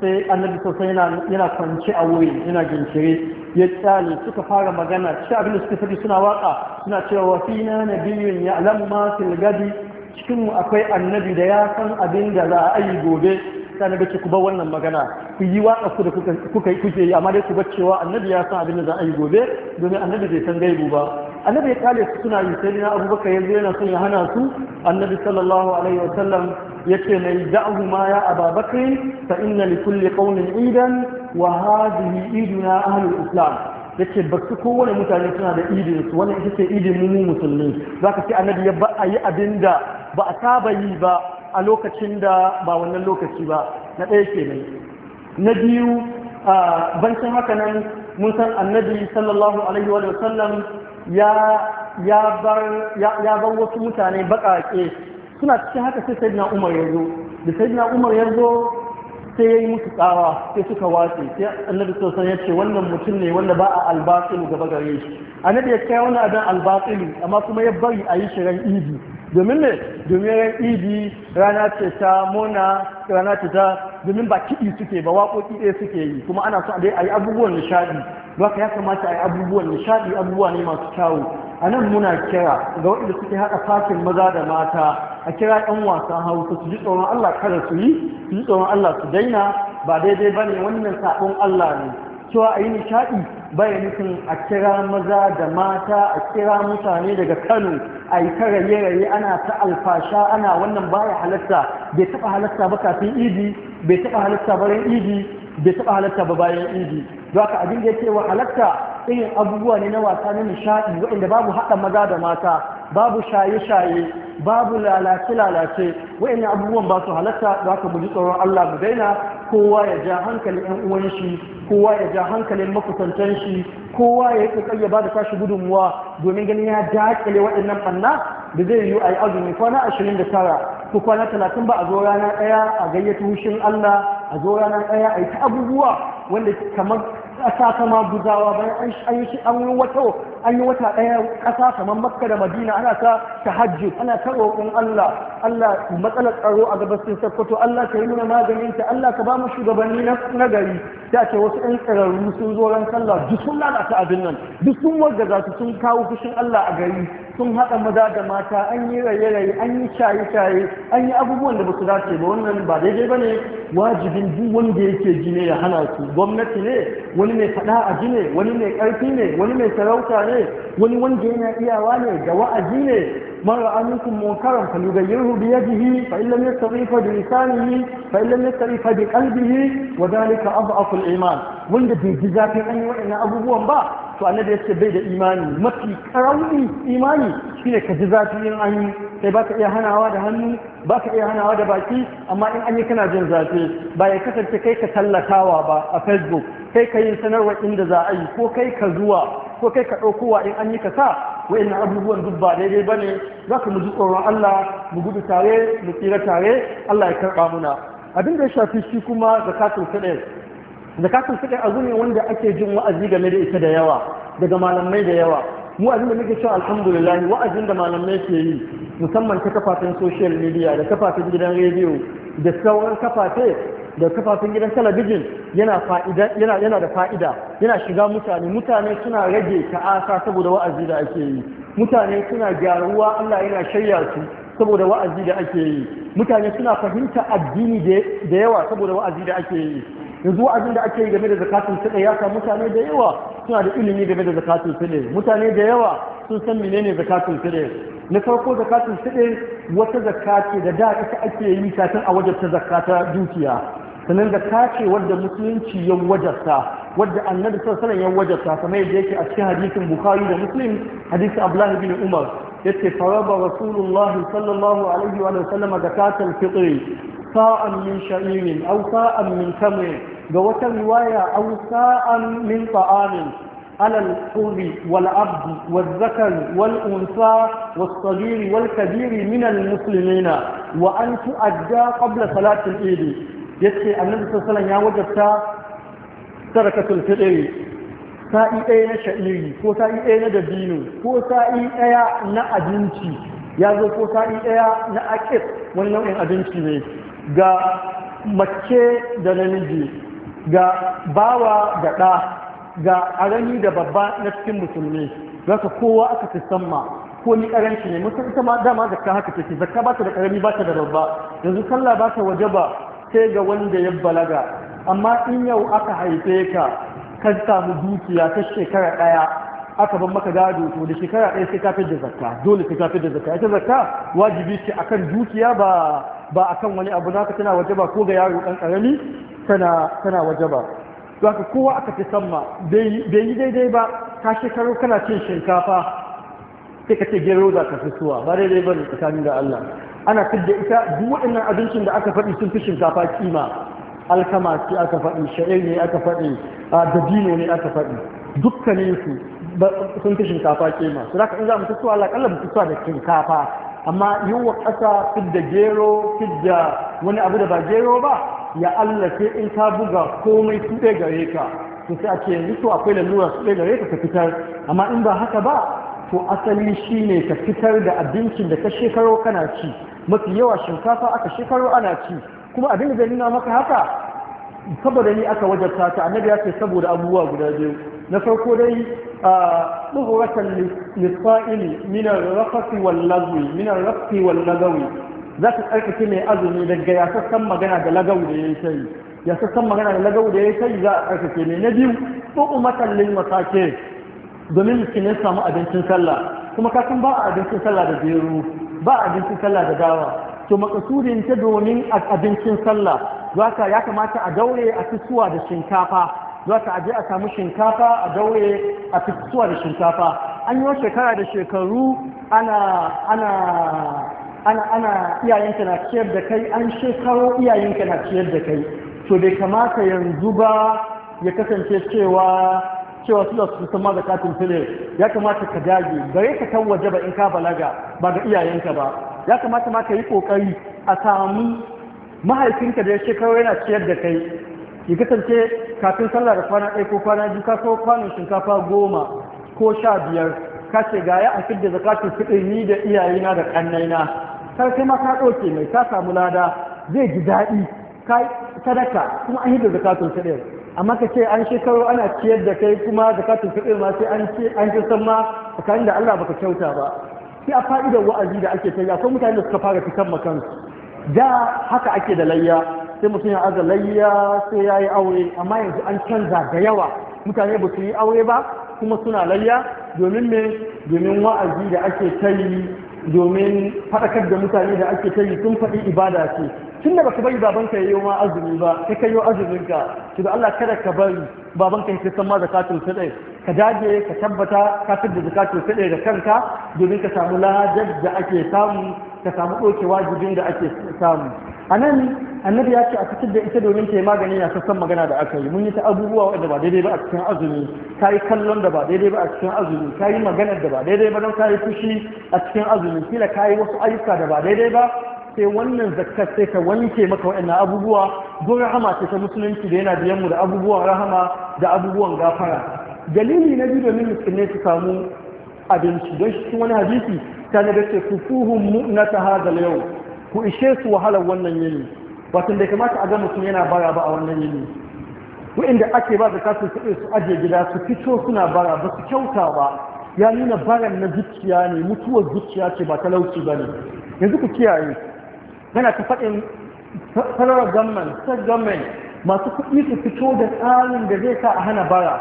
sai annabi sosai yana kwanci a wuri yana gincire ya tsale suka fara magana shi abin da suka fadi suna waka suna cewa fi na na biyun ya alam ma gadi cikin akwai annabi da ya san abin da za a yi gobe sai na bace ku bar wannan magana ku yi waka ku da kuka kuke yi amma dai ku bar cewa annabi ya san abin da za a yi gobe domin annabi bai san gaibu ba annabi ya kale su suna yi sai na abubakar yanzu yana son ya hana su annabi sallallahu alaihi wasallam ya ce mai da'ahu ma ya ababakar fa inna li kulli qaumin idan wa hadhihi iduna ahlul islam yace ba su kowane mutane suna da idin su wannan ita ce idin mu musulmi zaka ce annabi ya ba a yi abinda ba a saba yi ba a lokacin da ba wannan lokaci ba na ɗaya nan. na biyu bancin haka nan mun san annabi sallallahu alaihi wa sallam ya bar wasu mutane baƙaƙe suna cikin haka sai na umar ya zo da na umar ya zo sai ya yi musu tsawa sai suka wace sai annabi sosai ya ce wannan mutum ne wanda ba a albatsilu gaba gare shi annabi ya kai wani abin albatsilu amma kuma ya bari a yi shirin idi domin ne? domin ran idi rana ce ta mona rana ce ta domin ba kiɗi suke ba waƙoƙi ɗaya suke yi kuma ana so adai a yi abubuwan nishaɗi ba ka ya kamata a yi abubuwan nishaɗi abubuwa ne masu kyawu a nan muna kira ga waɗanda suke haɗa fakin maza da mata a kira 'yan wasan hausa su ji tsoron allah kada su yi su ji tsoron allah su daina ba daidai ba ne wannan saɓon allah ne cewa a yi nishaɗi bai nufin a kira maza da mata a kira mutane daga kano a yi ta raye-raye ana ta alfasha ana wannan baya halatta bai taɓa halatta ba kafin idi bai taɓa halatta bayan idi bai taɓa halatta ba bayan idi don haka abin da yake wa halatta irin abubuwa ne na wasa na nishaɗi waɗanda babu haɗa maza da mata babu shaye-shaye babu lalace-lalace wa'annan abubuwan ba su halatta za ka guji tsoron Allah mu daina kowa ya ja hankalin ɗan uwan shi kowa ya ja hankalin makusantan shi kowa ya yi kokari ya da tashi gudunmuwa domin ganin ya dakile waɗannan fanna da zai yi a yi azumi kwana ashirin da tara ko kwana talatin ba a zo rana ɗaya a gayyata hushin Allah a zo rana ɗaya a yi ta abubuwa wanda kamar ƙasa ta maguzawa bayan an yi an yi wata ɗaya ƙasa kamar makka da madina ana ta tahajjud ana ta roƙon Allah Allah matsalar tsaro a gabasin sakkwato Allah ka yi mana maganin ta Allah ka ba mu shugabanni na gari da ke wasu ɗan tsirarru sun zo ran sallah duk sun lalata abin nan duk sun wanda za su sun kawo fushin Allah a gari sun haɗa maza da mata an yi raye-raye an yi shaye-shaye an yi abubuwan da basu dace ba wannan ba daidai ba ne wajibin duk wanda yake jine ya hana su gwamnati ne wani mai faɗa a ji ne wani mai ƙarfi ne wani mai sarauta ne wani wanda yana iyawa ne da wa'azi ne من رأى منكم منكرا فليغيره بيده فإن لم يستطيع فبلسانه فإن لم يستطيع فبقلبه وذلك أضعف الإيمان wanda bai ji zafin an yi waɗannan abubuwan ba to annabi ya ce bai da imani mafi karauni imani shine ka ji zafi in an yi sai baka iya hanawa da hannu baka iya hanawa da baki amma in an yi kana jin zafi ba ya kasance kai ka tallatawa ba a facebook kai ka yin sanarwa inda za a yi ko kai ka zuwa ko kai ka ɗaukowa in an yi ka sa wa'in abubuwan duk ba daidai ba ne za ka mu ji tsoron Allah mu gudu tare mu tsira tare Allah ya karɓa muna abin da ya shafi shi kuma zakatul fitr zakatul fitr abu ne wanda ake jin wa'azi game da ita da yawa daga malamai da yawa mu abin da muke cewa alhamdulillah wa'azin da malamai ke yi musamman ta kafafen social media da kafafen gidan rediyo da sauran kafafe da kafafen gidan talabijin yana da fa'ida yana shiga mutane mutane suna rage ta'asa saboda wa'azi da ake yi mutane suna gyaruwa Allah yana shayyar su saboda wa'azi da ake yi mutane suna fahimta addini da yawa saboda wa'azi da ake yi yanzu wa'azin da ake yi game da zakatun fiɗe ya sa mutane da yawa suna da ilimi game da zakatun fiɗe mutane da yawa sun san menene zakatun fiɗe na farko zakatun fiɗe wata zakati da da ita ake yi kafin a wajen ta zakata dukiya sannan da ta ce wadda musulunci ya wajarta wadda annabi sallallahu alaihi ya wajarta kamar yadda yake a cikin hadisin bukhari da muslim hadisi Abdullahi bin umar yace faraba rasulullah sallallahu alaihi wa sallam zakatul fitr sa'an min sha'irin au sa'an min tamr ga wata riwaya aw sa'an min ta'amin على الحر والعبد والذكر والأنثى والصغير والكبير من المسلمين وأن تؤدى قبل صلاة العيد yace annabi sallallahu ya wajabta sarakatul fitri sa'i ɗaya na sha'iri ko sa'i ɗaya na dabino ko sa'i ɗaya na abinci ya zo ko sa'i ɗaya na akif wani nau'in abinci ne ga mace da namiji ga bawa da ɗa ga arani da babba na cikin musulmi zaka kowa aka fi samma ko ni karanci ne musulmi ita ma dama zakka haka take zakka ba ta da karami ba ta da babba yanzu sallah ba ta wajaba sai ga wanda ya balaga amma in yau aka haife ka ka samu dukiya ta shekara ɗaya aka ban maka gado to da shekara ɗaya sai ka fi da zakka dole sai ka fi da zakka ita zakka wajibi ce akan dukiya ba ba akan wani abu naka tana wajaba ko ga yaro ɗan ƙarami tana tana ba to haka kowa aka fi samma bai yi daidai ba ka shekaru kana cin shinkafa sai ka ce gero za ka fi suwa ba daidai ba ne tsakanin da Allah ana fidda ita duk waɗannan abincin da aka faɗi sun fi shinkafa kima alkama ce aka faɗi sha'ir ne aka faɗi dabino ne aka faɗi dukkanin su sun fi shinkafa kima su zaka in za mu fitowa alaƙalla mu fitowa da shinkafa amma wa ƙasa fidda gero fidda wani abu da ba gero ba ya Allah sai in ka buga komai su ɗaya gare ka to sai a ce yanzu to akwai lalura su ɗaya gare ka ka fitar amma in ba haka ba to asali shine ka fitar da abincin da ka shekaro kana ci mafi yawa shinkafa aka shekaru ana ci kuma abin da zai nuna maka haka saboda ni aka wajabta ta annabi ya ce saboda abubuwa guda biyu na farko dai a tsohuratan lisfa'ili minar rafasi wal lagwi minar rafasi wal za ka tsarkake mai azumi daga yasassan magana da la'gau da ya yi sai yasassan magana da la'gau da ya yi sai za a tsarkake mai na biyu tsohumatan lil masake domin miskinai samu abincin sallah kuma kasan ba a abincin sallah da jeru ba abincin sallah da gawa, to makasudin ta domin abincin sallah zaka ya kamata a daure a tsuwa da shinkafa zaka aje a samu shinkafa a daure a tsuwa da shinkafa an yi shekara da shekaru ana ana ana iyayenka na ciyar da kai an shekaru iyayenka na ciyar da kai to bai kamata yanzu ba ya kasance cewa cewa suna su san ma zakatun fili ya kamata ka dage bare ka kan waje ba in ka balaga ba ga iyayenka ba ya kamata ma ka yi kokari a samu mahaifinka da ya shekaru yana ciyar da kai ki kasance kafin sallah da kwana ɗaya ko kwana biyu ka so kwanon shinkafa goma ko sha biyar ka ce ga ya afid da zakatun fiɗin ni da iyayena da ƙannaina kar sai ma ka ɗauke mai ka samu lada zai ji daɗi ka sadaka kuma an yi da zakatun fili amma ka ce an shekaru ana ciyar da kai kuma zakatun fiɗe ma sai an ce an ji san ma tsakanin da Allah baka kyauta ba sai a fa'idar wa'azi da ake kai akwai mutane da suka fara fitan kansu da haka ake da layya sai mutum ya aza layya sai ya yi aure amma yanzu an canza da yawa mutane ba su yi aure ba kuma suna layya domin me domin wa'azi da ake kai domin faɗakar da mutane da ake kai sun faɗi ibada ce tun da baka bari babanka yi ma azumi ba kai kai azumin ka to da Allah kada ka bari babanka ya san ma zakatul fitr ka dage ka tabbata ka fitar da zakatul fitr da kanka domin ka samu lahajar da ake samu ka samu doke wajibin da ake samu anan annabi ya ce a fitar da ita domin ta yi magani na sassan magana da aka yi mun yi ta abubuwa wanda ba daidai ba a cikin azumi ka yi kallon da ba daidai ba a cikin azumi ka yi maganar da ba daidai ba don ka yi fushi a cikin azumi kila ka yi wasu ayyuka da ba daidai ba sai wannan zakka sai ka wanke maka wa'annan abubuwa don rahama ce ta musulunci da yana biyan mu da abubuwan rahama da abubuwan gafara dalili na biyu domin musulmi su samu abinci don shi wani hadisi ta na dace ku fuhun mu'nata hadal yau ku ishe su wahalar wannan yini watan da kamata a ga mutum yana bara ba a wannan yini wa'inda ake ba da kasu kuɗi su ajiye gida su fito suna bara ba su kyauta ba ya nuna baran na zuciya ne mutuwar zuciya ce ba talauci ba ne yanzu ku kiyaye yana ta faɗin federal government state government masu kuɗi su fito da tsarin da zai sa a hana bara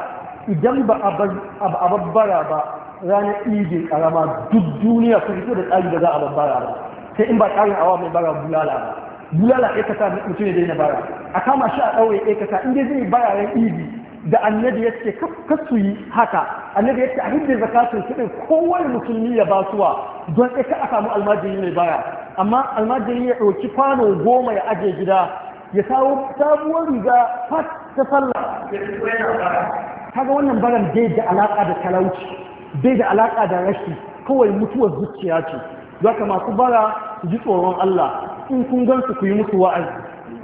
idan ba a babbara ba ranar ijin karama duk duniya su fito da tsarin da za a babbara ba sai in ba tsarin awa mai bara bulala ba bulala ɗaya kasa mutum ya daina bara a kama shi a ɗaure ɗaya kasa inda zai bara ran ibi da annabi ya ce kasu yi haka annabi ya ce a hidda zakatun kuɗin kowane musulmi ya basuwa don ɗaya ka a samu almajiri mai bara amma almajiri ya ɗauki kwano goma ya ajiye gida ya kawo sabuwar riga fat ta sallah kaga wannan baran bai da alaƙa da talauci bai da alaƙa da rashi kawai mutuwar zuciya ce zaka masu bara su ji tsoron Allah in kun gan su ku yi musu wa'azi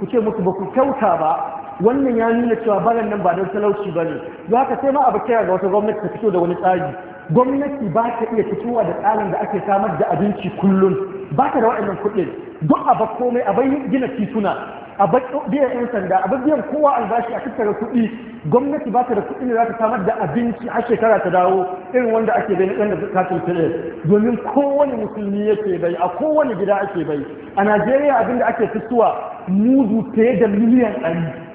ku ce musu ba ku kyauta ba wannan ya nuna cewa baran nan ba don talauci ba ne zaka sai ma abu kira ga wata gwamnati ta fito da wani tsari gwamnati ba ta iya fitowa da tsarin da ake samar da abinci kullum ba ta da waɗannan kuɗin duk a ba komai a bai gina tituna a biyan 'yan sanda a biyan kowa albashi a tattara kuɗi gwamnati ba ta da kuɗin da za ta samar da abinci har shekara ta dawo irin wanda ake bai na ɗan da katin tire domin kowane musulmi yake bai a kowane gida ake bai a najeriya abin da ake fitowa mudu fiye da miliyan ɗari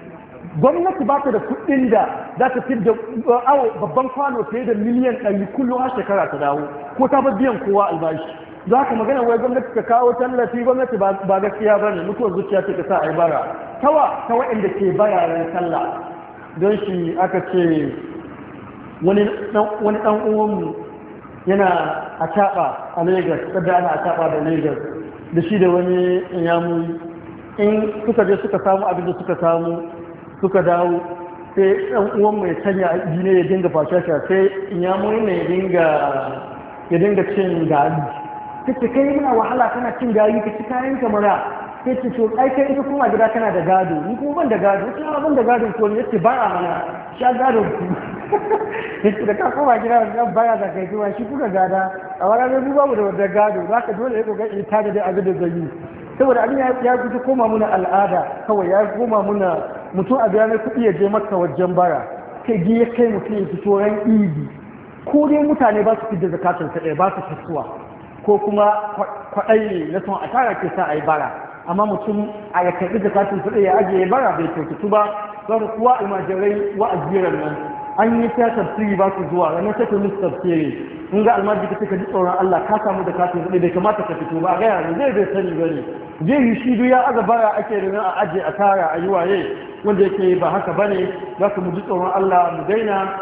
gwamnati ba ta da kuɗin da za ta fi da uh, babban kwano fiye da miliyan ɗari kullum har shekara ta dawo ko ta ba biyan kowa albashi za ka magana wai gwamnati ta kawo tallafi gwamnati ba gaskiya ba ne mutuwar zuciya ce ta sa a yi bara tawa ta waɗanda ke bararen sallah don shi aka ce wani ɗan yana a caɓa a lagos sadda ana a caɓa da lagos da shi da wani yamuri in suka je suka samu abin da suka samu suka dawo sai ɗan uwan mai sanya ne ya dinga fashasha sai ya murna ya dinga cin gari ta ce kai muna wahala kana cin gari ka ci kayan kamara sai ce to ai kai ita kuma gida kana da gado ni kuma ban da gado wata ban da gado ko ne yace ba a mana sha gado ku yace da ka koma gida da baya ya zaka yi shi kuka gada a wani babu da gado za ka dole ya kokari ta da abin da zai yi saboda abin ya guji koma muna al'ada kawai ya koma muna mutum a biyanar kuɗi ya je maka wajen bara kai ya kai mutum ya fito ran idi ko dai mutane ba su fi da zakatun kaɗai ba su fitowa ko kuma kwaɗai na son a tara ke sa a yi bara amma mutum a ya karɓi zakatun kaɗai ya ajiye bara bai kyautu ba don kuwa almajirai wa'azirar nan an yi ta tafsiri ba su zuwa ranar ta tuni tafsiri in ga almajiri ka ji tsoron Allah ka samu da katin zaɓe bai kamata ka fito ba a gaya ne zai bai sani ba ne zai yi shi duya aza bara ake da a ajiye a tara a yi waye wanda yake ba haka ba ne za ka mu ji tsoron Allah mu daina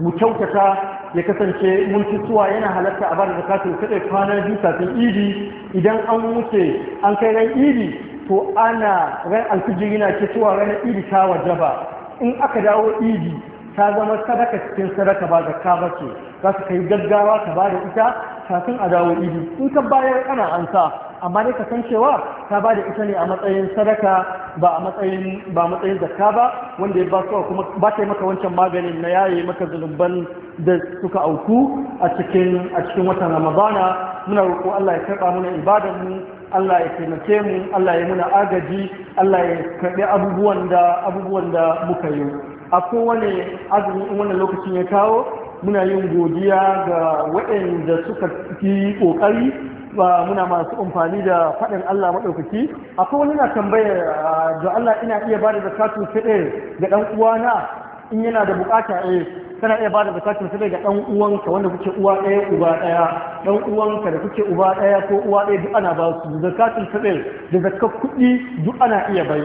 mu kyautata ya kasance mun ci yana halatta a bada zakatun kaɗai kwana biyu kafin idi idan an wuce an kai ran idi to ana ran alfijiri na ke tuwa ranar idi ta wajaba in aka dawo idi ta zama sadaka cikin sadaka ba zakka ba ce za su kai gaggawa ka ba da ita kafin a dawo idi in ka bayar ana an sa amma dai ka san cewa ka ba da ita ne a matsayin sadaka ba a matsayin ba matsayin zakka ba wanda ya ba su kuma ba ta yi maka wancan maganin na yaye maka zunuban da suka auku a cikin a cikin watan ramadana muna roƙo Allah ya karɓa mana ibadan mu Allah ya taimake mu Allah ya muna agaji Allah ya karɓi abubuwan da abubuwan da muka yi a kowane azumi in wannan lokacin ya kawo muna yin godiya ga waɗanda suka fi ƙoƙari ba muna masu amfani da faɗin Allah maɗaukaki A wani na tambaya, ah, da Allah ina iya ba da zakatun fiɗe ga ɗan uwana in yana da buƙata eh kana iya ba da zakatun fiɗe ga ɗan uwanka wanda kuke uwa ɗaya uba ɗaya ɗan uwanka da kuke uba ɗaya ko uwa ɗaya duk ana ba su zakatun fiɗe da zakar kuɗi duk ana iya bai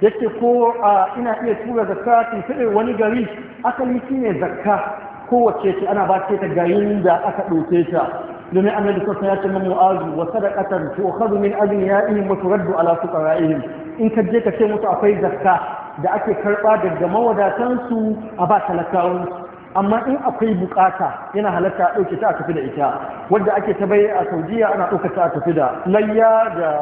yake ko ina iya tura zakka in fiɗe wani gari asali ne zakka kowace ce ana ba ta garin da aka ɗauke ta domin annabi sassan ya ce na mu'azu wa sadaqatan tu'khadhu min aghniyaihim wa turaddu ala fuqara'ihim in ka je ka ce musu akwai zakka da ake karɓa daga su a ba talakawansu amma in akwai bukata yana halatta a ɗauke ta a tafi da ita wanda ake ta bai a saudiya ana ɗauka ta a tafi da layya da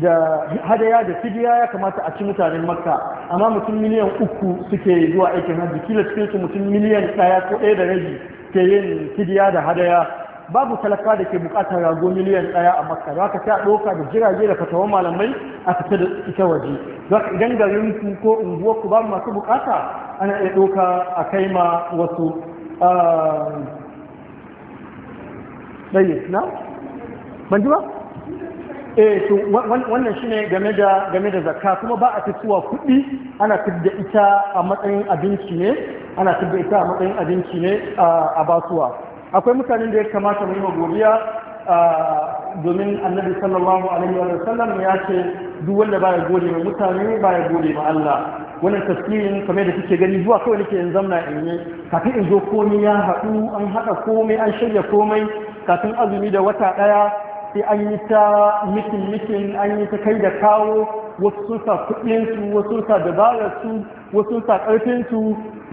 da hadaya da fidiya ya kamata a ci mutanen makka amma mutum miliyan uku suke zuwa aikin hajji kila cikin su mutum miliyan ɗaya ko ɗaya da rabi ke yin fidiya da hadaya babu talaka da ke bukatar rago miliyan ɗaya a makka za ka ta ɗoka da jirage da fatawa malamai a fita da ita waje za ka idan garin ku ko unguwar ku babu masu bukata ana iya ɗoka a kai ma wasu ah, ɗaya na ban eh wannan shine game da game da zakka kuma ba a fitowa kuɗi ana fidda ita a matsayin abinci ne ana fidda ita a matsayin abinci ne a basuwa akwai mutanen da ya kamata mu yi wa domin annabi sallallahu alaihi wa sallam ya ce duk wanda baya gode ma mutane baya gode ma Allah wannan tafsirin kamar da kike gani zuwa kawai nake in zamna in yi kafin in zo komai ya haɗu an haɗa komai an shirya komai kafin azumi da wata ɗaya sai an yi ta mikin-mikin, an yi ta kai da kawo wasu sun sa wasu sun dabararsu wasu sun sa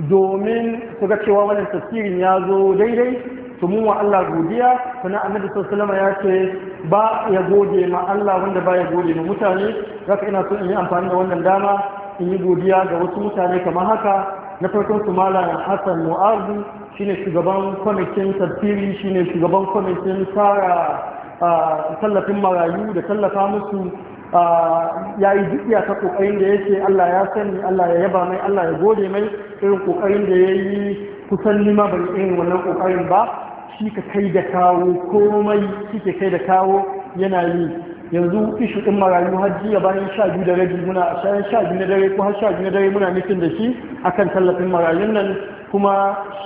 domin su ga cewa wannan tasirin ya zo daidai su mun wa Allah godiya sannan annabi sallallahu ya ce ba ya gode ma Allah wanda ba ya gode ma mutane zaka ina so in yi amfani da wannan dama in yi godiya ga wasu mutane kamar haka na farkon su malam Hassan Mu'azu shine shugaban kwamitin tasiri shine shugaban kwamitin tsara tallafin marayu da tallafa musu ya yi jikiya ta kokarin da yake Allah ya sani Allah ya yaba mai Allah ya gode mai irin kokarin da ya yi kusan nima ban irin wannan kokarin ba shi ka kai da kawo komai shi ke kai da kawo yana yi yanzu ishu ɗin marayu har jiya bayan sha biyu da rabi muna a sha biyu na dare ko har sha biyu na dare muna nufin da shi akan tallafin marayun nan kuma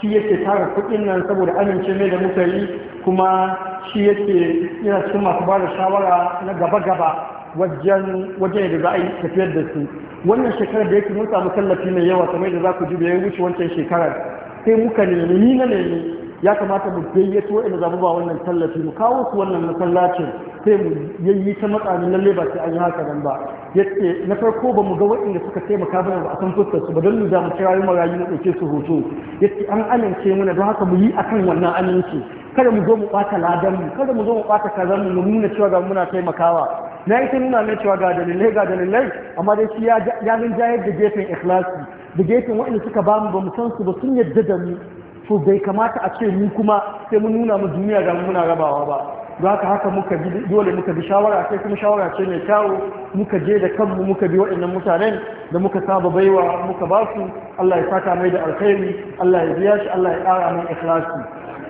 shi yake tara kuɗin nan saboda amince mai da muka yi kuma shi yake yana cikin masu ba da shawara na gaba-gaba wajen wajen da za a yi tafiyar da su wannan shekarar da yake mun samu tallafi mai yawa kamar da za ku ji da ya wuce wancan shekarar sai muka nemi ni na nemi ya kamata mu gayyato wa'anda za ba wannan tallafi mu kawo su wannan masallacin sai mu yayi ta matsani lalle ba sai an yi haka nan ba yace na farko ba mu ga waɗanda suka taimaka mana ba a san fuskar su ba don mu za mu kira yi marayu mu ɗauke su hoto yace an amince mana don haka mu yi akan wannan aminci kada mu zo mu ɓata ladan mu kada mu zo mu ɓata kazan mu nuna cewa ga muna taimakawa na yi ta nuna mai cewa ga dalilai ga dalilai amma dai shi ya min jayar da gefen ikhlasi da gefen waɗanda suka bamu mu ba mu san su ba sun yarda da mu to bai kamata a ce mu kuma sai mun nuna mu duniya ga muna rabawa ba don haka haka muka bi dole muka bi shawara sai kuma shawara ce mai kyawu muka je da kanmu muka bi waɗannan mutanen da muka saba baiwa muka ba su Allah ya saka mai da alkhairi Allah ya biya shi Allah ya ƙara mai ikhlasi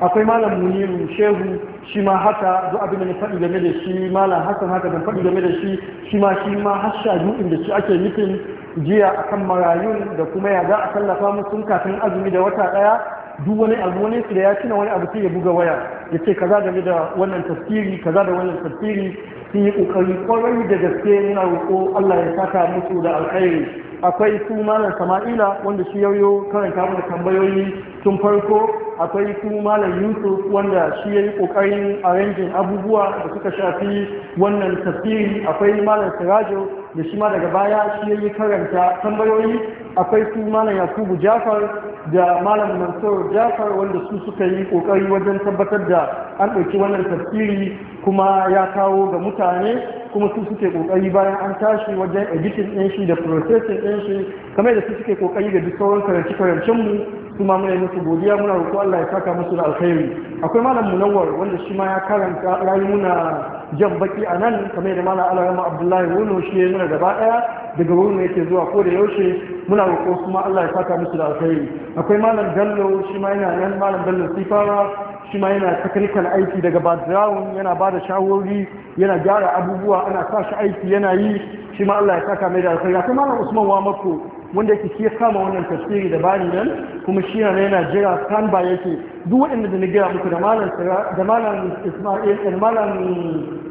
akwai malam muniru shehu shi ma haka zo abin da na faɗi game da shi malam hassan haka zan faɗi game da shi shi ma shi ma har sha da shi ake nufin jiya akan marayun da kuma ya za a tallafa musu kafin azumi da wata ɗaya duk wani abu wani su da ya tuna wani abu sai ya buga waya ya ce kaza da wannan tafsiri kaza da wannan tafsiri sun yi kokari kwarai da gaske yana roƙo Allah ya saka musu da alkhairi akwai su malam sama'ila wanda shi yauyo karanta mana tambayoyi tun farko akwai su malam yusuf wanda shi ya yi kokarin arrangin abubuwa da suka shafi wannan tafsiri akwai malam sirajo da shi ma daga baya shi ya karanta tambayoyi akwai su malam yakubu jafar da malam mansur jafar wanda su suka yi kokari wajen tabbatar da an ɗauki wannan tafsiri kuma ya kawo ga mutane kuma su suke kokari bayan an tashi wajen editin ɗin shi da processing ɗin shi kamar da su suke kokari da duk sauran karance karancen mu su ma muna musu godiya muna roƙo Allah ya saka musu da alkhairi akwai malam munawwar wanda shi ma ya karanta rayu jan baki a nan kamar da mana mu abdullahi wani shi ya nuna gaba daya daga wurin yake zuwa ko da yaushe muna roƙo kuma allah ya saka musu da alheri akwai malam bello shi ma yana nan malam bello sifara shi ma yana technical aiki daga background yana ba da shawari yana gyara abubuwa ana sa shi aiki yana yi shi ma allah ya saka mai da alheri akwai malam usman wamako wanda yake kiyar kama wannan tafsiri da bani nan kuma shi na yana jira kan ba yake duk waɗanda da na gira muku da malam da malam Isma'il eh, da malam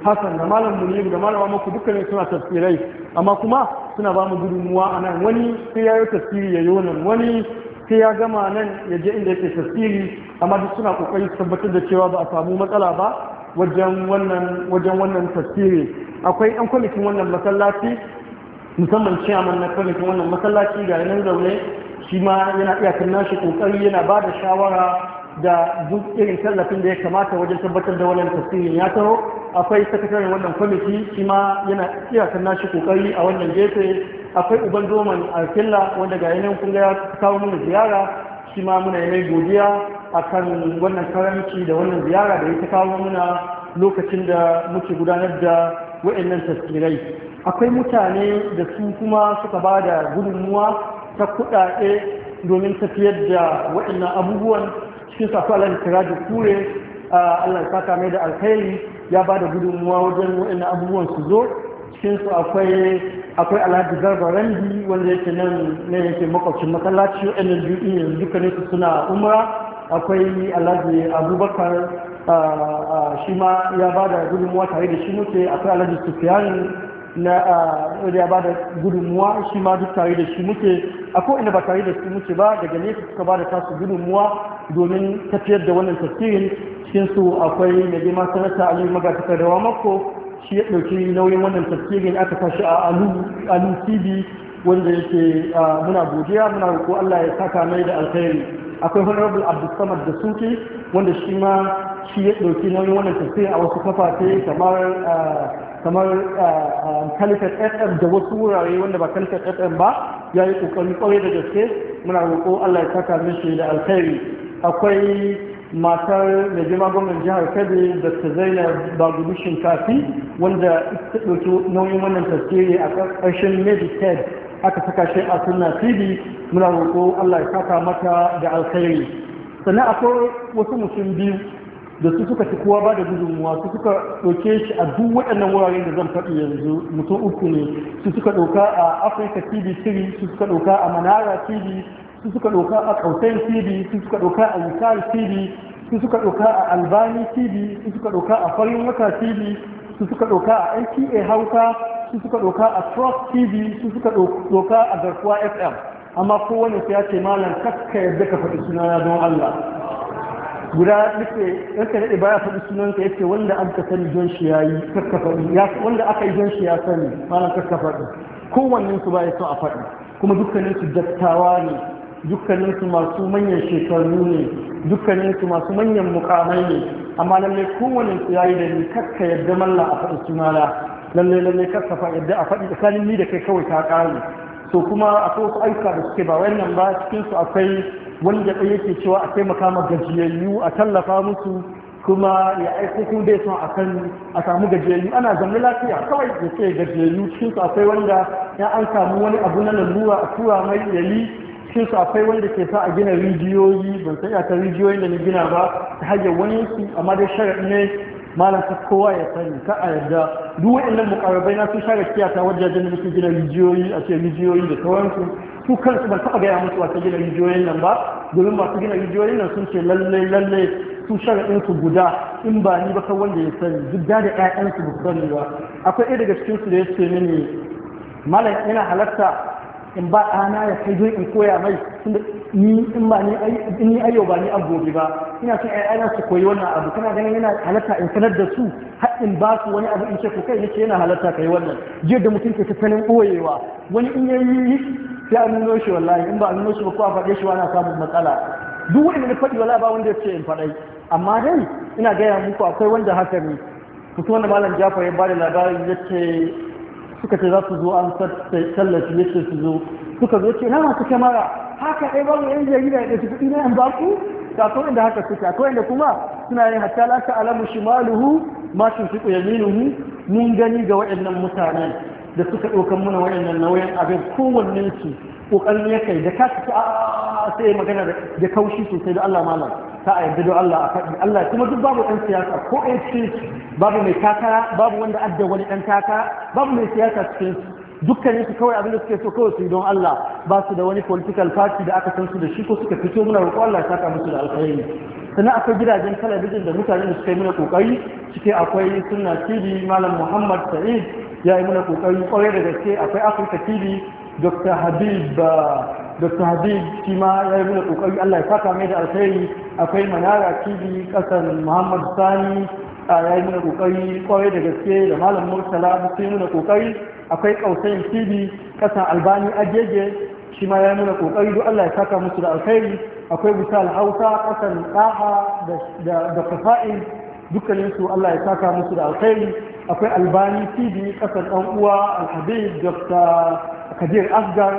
Hassan da malam Munir da malam dukkanin suna tafsirai amma kuma suna ba mu gudunmuwa a nan wani sai ya yi tafsiri ya yi wani sai ya gama nan ya je inda yake tafsiri amma duk suna kokari su tabbatar da cewa ba a samu matsala ba wajen wannan wajen tafsiri akwai ɗan kwamitin wannan masallaci musamman ciyaman na kwamitin wannan masallaci ga yanar zaune shi ma yana iyakar nashi kokari yana ba da shawara da duk irin tallafin da ya kamata wajen tabbatar da wannan tasirin ya taro akwai sakataren wannan kwamiti shi ma yana iyakar nashi kokari a wannan gefe akwai uban doman alkilla wanda ga yanar kun ya kawo mana ziyara shi ma muna yanayi godiya akan wannan karanci da wannan ziyara da ya ta kawo mana lokacin da muke gudanar da wa'annan tasirai akwai mutane da su kuma suka ba da gudunmuwa ta kuɗaɗe domin tafiyar da waɗannan abubuwan cikin safi Allah da kure Allah ya saka mai da alkhairi ya ba da gudunmuwa wajen waɗannan abubuwan su zo cikin su akwai akwai Alhaji Garba Randi wanda yake nan ne yake makwabcin masallaci waɗannan biyu yanzu ne su suna umra akwai Alhaji Abubakar shi ma ya ba da gudunmuwa tare da shi muke akwai Alhaji Sufiyani na da ya ba da gudunmuwa shi ma duk tare da shi muke a ko ina ba tare da shi muke ba daga nesa suka ba da tasu gudunmuwa domin tafiyar da wannan tafsirin cikin su akwai mai girma sanata ali magatakar da mako shi ya ɗauki nauyin wannan tafsirin aka tashi a alu tv wanda yake muna godiya muna roƙo allah ya saka mai da alkhairi akwai honorable abdulsamad da suke wanda shi ma shi ya ɗauki nauyin wannan tafsirin a wasu kafafe kamar kamar kalifat eh, eh, fm da wasu wurare wanda ba kalifat fm ba ya yi kokari kwarai da gaske muna roƙo allah ya saka shi da alkhairi akwai matar mai jima gwamnan jihar kebbi da ta zaina bagudu shinkafi wanda ta ɗauki nauyin wannan tasiri a ƙarshen medicaid aka saka shi a suna tv muna roƙo allah ya saka mata da alkhairi sannan akwai wasu mutum biyu da su suka ci kowa ba da gudunmuwa su suka ɗauke shi a duk waɗannan wuraren da zan faɗi yanzu mutum uku ne su suka ɗauka a afirka tv 3 su suka ɗauka a manara tv su suka ɗauka a kautain tv su suka ɗauka a yukar tv su suka ɗauka a albani tv su suka ɗauka a farin wata tv su suka ɗauka a nta hausa su suka ɗauka a trust tv su suka ɗauka a garkuwa fm amma kowane su ya ce malam kakka yadda ka faɗi suna don allah guda nake ka daɗe baya faɗi sunanka yake wanda an ka sani don shi ya yi kakkafaɗi wanda aka yi don shi ya sani malam kakkafaɗi kowannen su baya son a faɗi kuma dukkanin su dattawa ne dukkanin su masu manyan shekaru ne dukkanin su masu manyan mukamai ne amma lallai kowannen su ya yi da ni kakka yadda malla a faɗi sunana lallai lallai kakkafa yadda a faɗi tsakanin ni da kai kawai ta ƙare so kuma akwai wasu aika da suke ba wannan ba cikin su akwai wanda ɗaya yake cewa a taimaka ma gajiyayyu a tallafa musu kuma ya aiko kun dai son akan a samu gajiyayyu ana zama lafiya kawai da ke gajiyayyu cikin su akwai wanda ya an samu wani abu na lalura a tura mai yali cikin su akwai wanda ke sa a gina rijiyoyi ban san ya ta rijiyoyin da na gina ba ta hanyar wani su amma dai sharaɗi ne malam ta kowa ya sani ka a yarda duk waɗannan mukarrabai na sun share kiyata wajajen da suke gina rijiyoyi a ce rijiyoyi da sauransu su kansu ban taɓa gaya musu wata gina rijiyoyin nan ba domin masu gina rijiyoyin nan sun ce lalle lalle su sharaɗin su guda in ba ni ba kan wanda ya sani duk da da su ba sani ba akwai ɗaya daga cikin su da ya ce mini malam ina halarta in ba ɗana ya kai zai in koya mai ni in ba ni ni ayyau ba ni agobi ba ina son ƴaƴana su koyi wannan abu kana ganin yana halarta in sanar da su har in ba su wani abu in ce ku kai nake yana halarta kai wannan jiya da mutum ke ta sanin ɓoyewa wani in yayi sai an nuno shi wallahi in ba an nuno shi ba ko a faɗe shi ba ana samun matsala duk wanda na faɗi wallahi ba wanda ya ce in faɗai amma dai ina gaya muku akwai wanda haka ne kusa wanda malam jafar ya bada labarin ya ce suka ce za su zo an tallafi ya ce su zo suka zo ce na masu kyamara haka ɗaya babu yan jarida da su kuɗi na yan baku akwai inda haka suke akwai inda kuma suna yin hatta la alamu shimaluhu ma fi yaminuhu mun gani ga waɗannan mutanen da suka ɗaukan muna wayannan nauyin abin kowannen su ƙoƙarin ya kai da ka ci a sai magana da kaushi sosai da Allah malam ta a yarda da Allah a faɗi Allah kuma duk babu ɗan siyasa ko ɗan cikin babu mai takara babu wanda adda wani ɗan takara babu mai siyasa cikin dukkanin su kawai abin da suke so kawai su yi don Allah ba su da wani political party da aka san su da shi ko suka fito muna roƙo Allah ya saka musu da alkhairi sannan akwai gidajen talabijin da mutane da suka yi mana ƙoƙari cike akwai suna TV malam Muhammad Sa'id ya yi muna kokari kwarai da gaske akwai afirka tv dr habib dr habib shi ma ya yi muna kokari allah ya saka mai da alkhairi akwai manara tv kasar muhammad sani ya yi muna kokari kwarai da gaske da malam murtala su yi muna kokari akwai kausayin tv kasar albani agege shi ma ya yi muna kokari duk allah ya saka musu da alkhairi akwai misal hausa kasar daha da fasa'in dukkaninsu allah ya saka musu da alkhairi akwai albani tv kasar ɗan uwa alhabib dr kadir asgar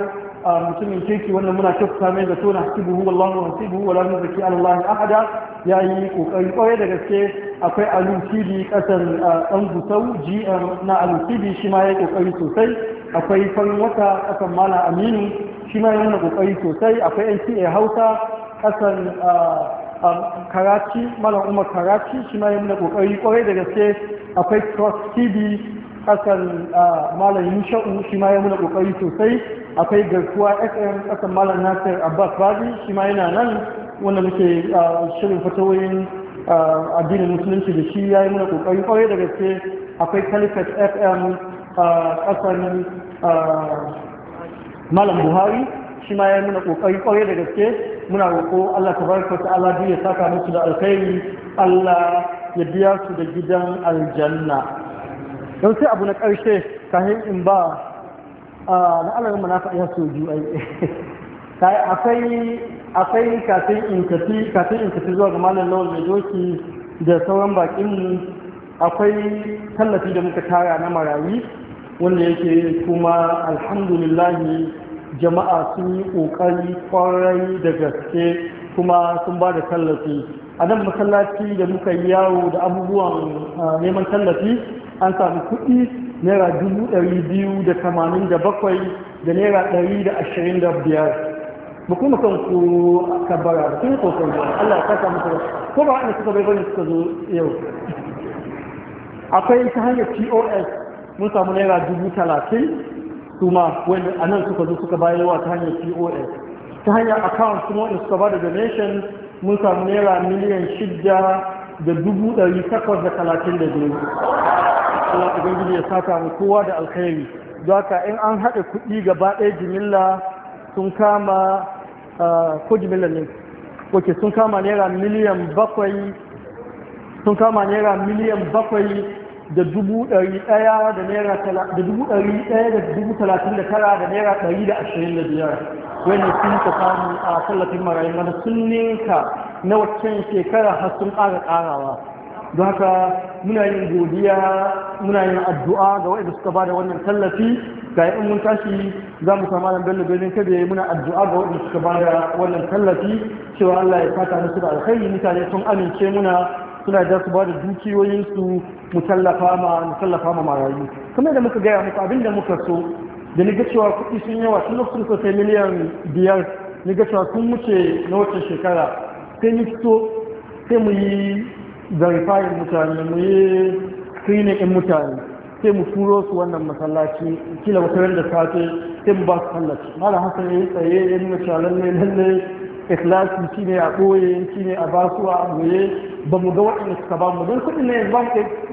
mutumin kirki wannan muna kyauta mai da tona hasibuhu wallahu hasibuhu wala nuzaki alallahi ahada yayi kokari kwarai da gaske akwai alu tv kasar dan gusau gm na alu tv shi ma ya yi kokari sosai akwai farin wata kasar mala aminu shi ma ya yayi kokari sosai akwai nca hausa kasar karaci malam umar karaci shi ma yi muna kokari kwarai da gaske akwai cross tv kasan malam yusha'u shi ma yi muna kokari sosai akwai garkuwa fm kasan malam nasir abbas bazi shi ma yana nan wanda muke shirin fatawoyin addinin musulunci da shi ya yi muna kokari kwarai da gaske akwai calicut fm kasan malam buhari shi ma ya nuna kokari kwarai da gaske muna roƙo Allah ta tabaraka ta'ala duk ya saka musu da alkhairi Allah ya biya su da gidan aljanna don sai abu na ƙarshe kafin in ba a la'alar munafa ya so ju ai akwai akwai kafin in tafi zuwa ga malam lawal mai doki da sauran mu akwai tallafi da muka tara na marayu wanda yake kuma alhamdulillahi jama'a sun yi ƙoƙari kwarai da gaske kuma sun ba da tallafi a nan masallaci da muka yi yawo da abubuwan neman tallafi an samu kuɗi naira dubu ɗari biyu da tamanin da bakwai da naira ɗari da ashirin da biyar ba kuma kan ku kabara da kuma kokon ba Allah ta samu kuma ko ba wanda suka bai bane suka zo yau akwai ta hanyar POS mun samu naira dubu talatin su ma wanda a nan suka zo suka bayarwa ta hanyar pos ta hanyar account kuma wanda suka ba da donation mun samu naira miliyan shida da dubu ɗari takwas da talatin da biyu Allah Ubangiji ya saka mu kowa da alkhairi don haka in an haɗa kuɗi gaba ɗaya jimilla sun kama ko jimilla ne sun kama naira miliyan bakwai sun kama naira miliyan bakwai da dubu ɗari ɗaya da naira da dubu ɗari ɗaya da dubu talatin da tara da naira ɗari da ashirin da biyar wanda sun ka samu a tallafin marayu mana sun ninka na waccan shekara har sun ƙara ƙarawa don haka muna yin godiya muna yin addu'a ga waɗanda suka ba da wannan tallafi ga in mun tashi za mu samu malam bello birnin kabe muna addu'a ga waɗanda suka ba da wannan tallafi cewa allah ya fata musu da alkhairi mutane sun amince muna suna da su ba da dukiyoyinsu mu ma mu marayu kuma da muka gaya musu abinda muka so da ni ga cewa kuɗi sun yawa sun lokacin ko sai miliyan biyar ni ga cewa sun wuce na wacce shekara sai ni fito sai mu yi zarifayin mutane mu yi screening ɗin mutane sai mu turo su wannan masallaci kila wata da safe sai mu ba su tallafi malam hasan ya yi tsaye ya nuna shalar lalle lalle ikhlasi shine a ɓoye shine a basu a goye ba mu ga waɗanda suka ba mu don kuɗin na yanzu ba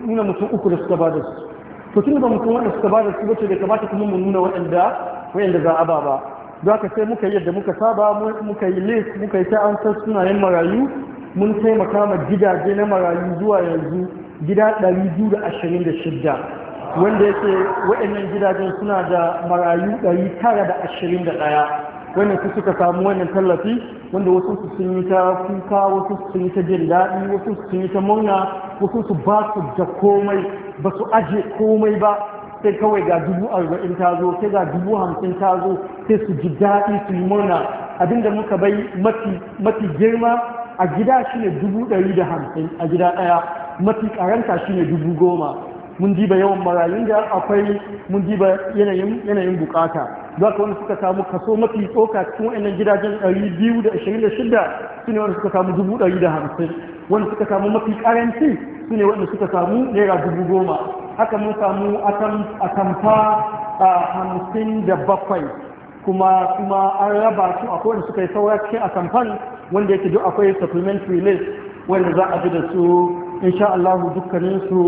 mu nuna mutum uku da suka ba da su to tun ba mutum waɗanda suka ba da su ba ce da kamata kuma mu nuna waɗanda waɗanda za a ba ba don haka sai muka yadda muka saba muka yi list muka yi ta an san sunayen marayu mun taimaka ma gidaje na marayu zuwa yanzu gida ɗari biyu da da ashirin shidda wanda yake waɗannan gidajen suna da marayu ɗari tara da da ashirin ɗaya. wannan su suka samu wannan tallafi wanda wasu su sun yi ta kuka wasu sun yi ta jin daɗi wasu sun yi ta murna wasu su ba su da komai ba su aje komai ba sai kawai ga dubu arba'in ta zo sai ga dubu hamsin ta zo sai su ji daɗi su yi murna abinda muka bai mafi girma a gida shine dubu ɗari da hamsin a gida ɗaya mafi ƙaranta shine dubu goma mun diba yawan marayun da akwai mun diba yanayin bukata za ka wani suka samu kaso mafi tsoka cikin wa'annan gidajen 226 su ne wanda suka samu 150 wanda suka samu mafi karanci su ne wanda suka samu naira dubu goma haka mun samu fa a hamsin da bakwai kuma kuma an raba su akwai wanda suka yi saura cikin fan wanda yake duk akwai supplementary list wanda za a bi da su insha Allah dukkaninsu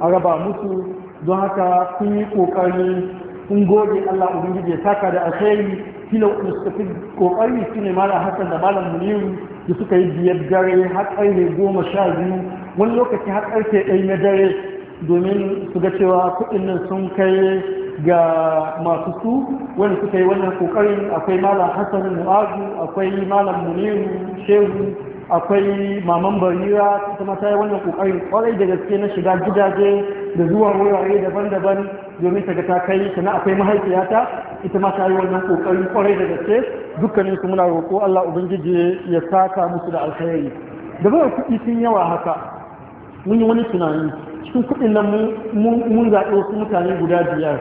a raba musu don haka kun yi kokarin sun goge Allah ubangiji ya saka da alkhairi kila wani suka fi kokari su ne malam Hassan da malam Muniru da suka yi biyar dare har karfe goma sha biyu wani lokaci har karfe ɗaya na dare domin su ga cewa kuɗin nan sun kai ga masu su wani suka yi wannan kokarin akwai malam Hassan Mu'azu akwai malam Muniru Shehu akwai maman Barira kuma ta yi wannan kokarin kwarai da gaske na shiga gidaje da zuwa wurare daban-daban domin ta ga ta kai sana akwai mahaifiyata ita ma ta yi wannan kokari kwarai da gaske dukkanin su muna roƙo Allah ubangiji ya saka musu da alkhairi da ba kuɗi sun yawa haka mun yi wani tunani cikin kuɗin nan mun zaɓi wasu mutane guda biyar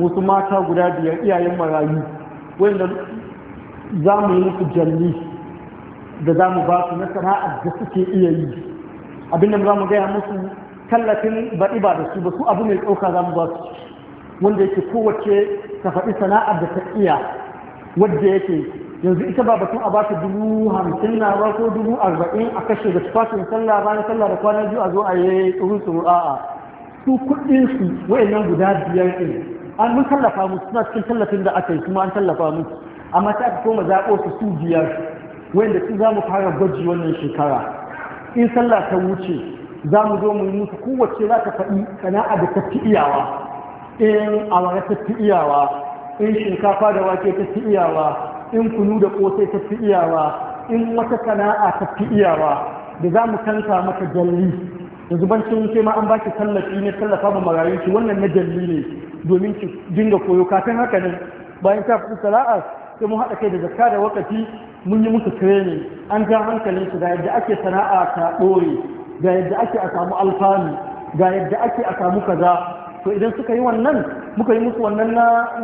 wasu mata guda biyar iyayen marayu wanda za mu yi musu jalli da za mu ba su na sana'ar da suke iya yi abinda da za mu gaya musu tallafin baɗi ba da su ba su abu mai ɗauka za mu ba su wanda yake kowace ta faɗi sana'ar da ta iya wadda yake yanzu ita ba batun a ba ta dubu hamsin na ba ko dubu arba'in a kashe da tufafin sallah bayan sallah da kwana biyu a zo a yi tsurun tsuru a'a su kuɗin su wa'annan guda biyar ɗin an mun tallafa musu suna cikin tallafin da aka yi kuma an tallafa musu amma ta aka koma zaɓo su su biyar da su za mu fara gwaji wannan shekara in sallah ta wuce za mu zo mu yi musu kowace za ka faɗi sana'a da tafi iyawa in awara tafi iyawa in shinkafa da wake tafi iyawa in kunu da kosai tafi iyawa in wata sana'a tafi iyawa da za mu tanka maka jalli yanzu bancin ce ma an ki tallafi ne tallafa ma marayun wannan na jalli ne domin ki dinga koyo kafin haka ne bayan ka fi sana'a sai mu haɗa kai da zakka da wakati mun yi musu training an ja hankalin su da yadda ake sana'a ta ɗore ga yadda ake a samu alfanu ga yadda ake a samu kaza to idan suka yi wannan muka yi musu wannan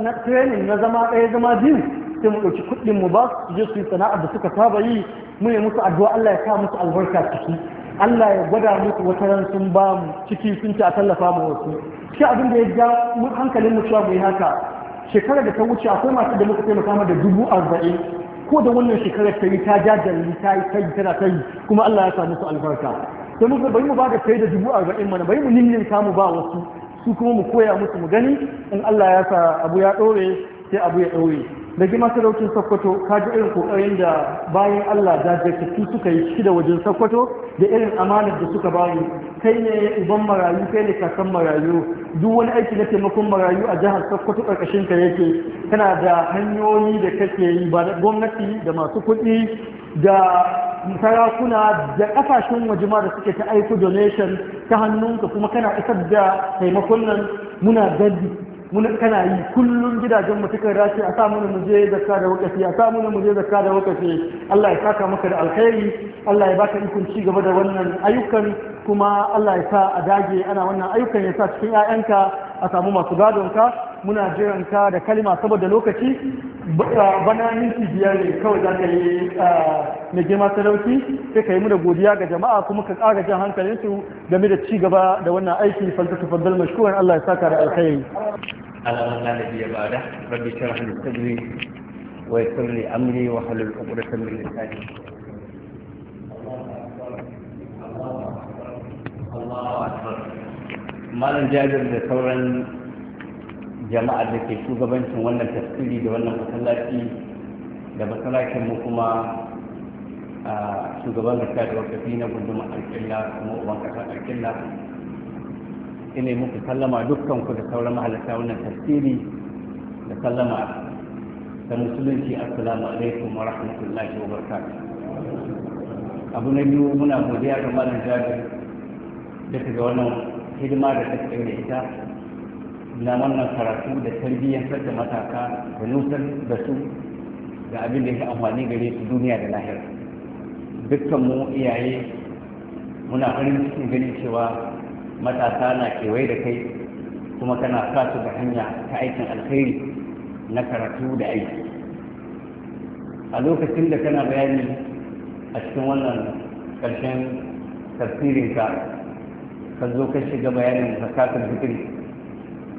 na training na zama ɗaya zama biyu sai mu ɗauki kuɗin mu ba su je su yi sana'ar da suka saba yi mu yi musu addu'a Allah ya sa musu albarka ciki Allah ya gwada musu wata ran sun ba mu ciki sun ci a tallafa mu wasu shi abin da ya ja hankalin mu cewa mu haka shekarar da ta wuce akwai masu da muka taimaka da dubu arba'in ko da wannan shekarar ta yi ta jajalli ta yi ta yi tana ta yi kuma Allah ya sa musu albarka sai muka bai mu ba da kai da dubu arba'in mana bai mu ninnin samu ba wasu su kuma mu koya musu mu gani in Allah ya sa abu ya ɗore sai abu ya ɗore da gima saraukin sokoto ka ji irin kokarin da bayan Allah jajirtattu suka yi shi da wajen sokoto da irin amanar da suka bayu kai ne uban marayu kai ne kakan marayu duk wani aiki na taimakon marayu a jihar sokoto karkashin ka yake kana da hanyoyi da kake yi ba da gwamnati da masu kuɗi da sarakuna da kasashen waje ma da suke ta aiko donation ta hannunka kuma kana isar da taimakon nan muna gadi muna kana yi kullum gidajen mutukan rashi a samu mu je zakka da wakafi a samu mu je zakka da wakafi Allah ya saka maka da alkhairi Allah ya baka ikon ci gaba da wannan ayyukan kuma Allah ya sa a dage ana wannan ayyukan ya sa cikin 'ya'yanka a samu masu gadonka muna jiran ka da kalima saboda lokaci bana minti biyar ne kawai za ka yi mai girma sarauki sai ka yi mu da godiya ga jama'a kuma ka ƙara jan hankalinsu game da ci gaba da wannan aiki falsafa faddal mashkuran Allah ya saka da alkhairi Allah na nabiya ba da rabbi sharh li sadri wa yassir li amri wa halul uqdatan min lisani Allahu akbar Malam Jabir da sauran jama'a da ke shugabancin wannan tafsiri da wannan masallaci da masallacin mu kuma a shugaban da da wakafi na gundumar alƙilla kuma uban ƙasar alƙilla ina muku sallama dukkan ku da sauran mahalarta wannan tafsiri da sallama ta musulunci assalamu alaikum wa rahmatullahi wa barakatuh abu na biyu muna godiya ga malam jabir duka ga wannan hidima da ta tsaye da ita na wannan karatu da tarbiyyar da matasa da nusar da su da abin da fi amfani gare su duniya da lahira dukkan mu iyaye muna farin cikin ganin cewa matasa na kewaye da kai kuma kana sa su da hanya ta aikin alkhairi na karatu da aiki a lokacin da kana bayani a cikin wannan ƙarshen tafsirinka ka zo ka shiga bayanin zakatul fitri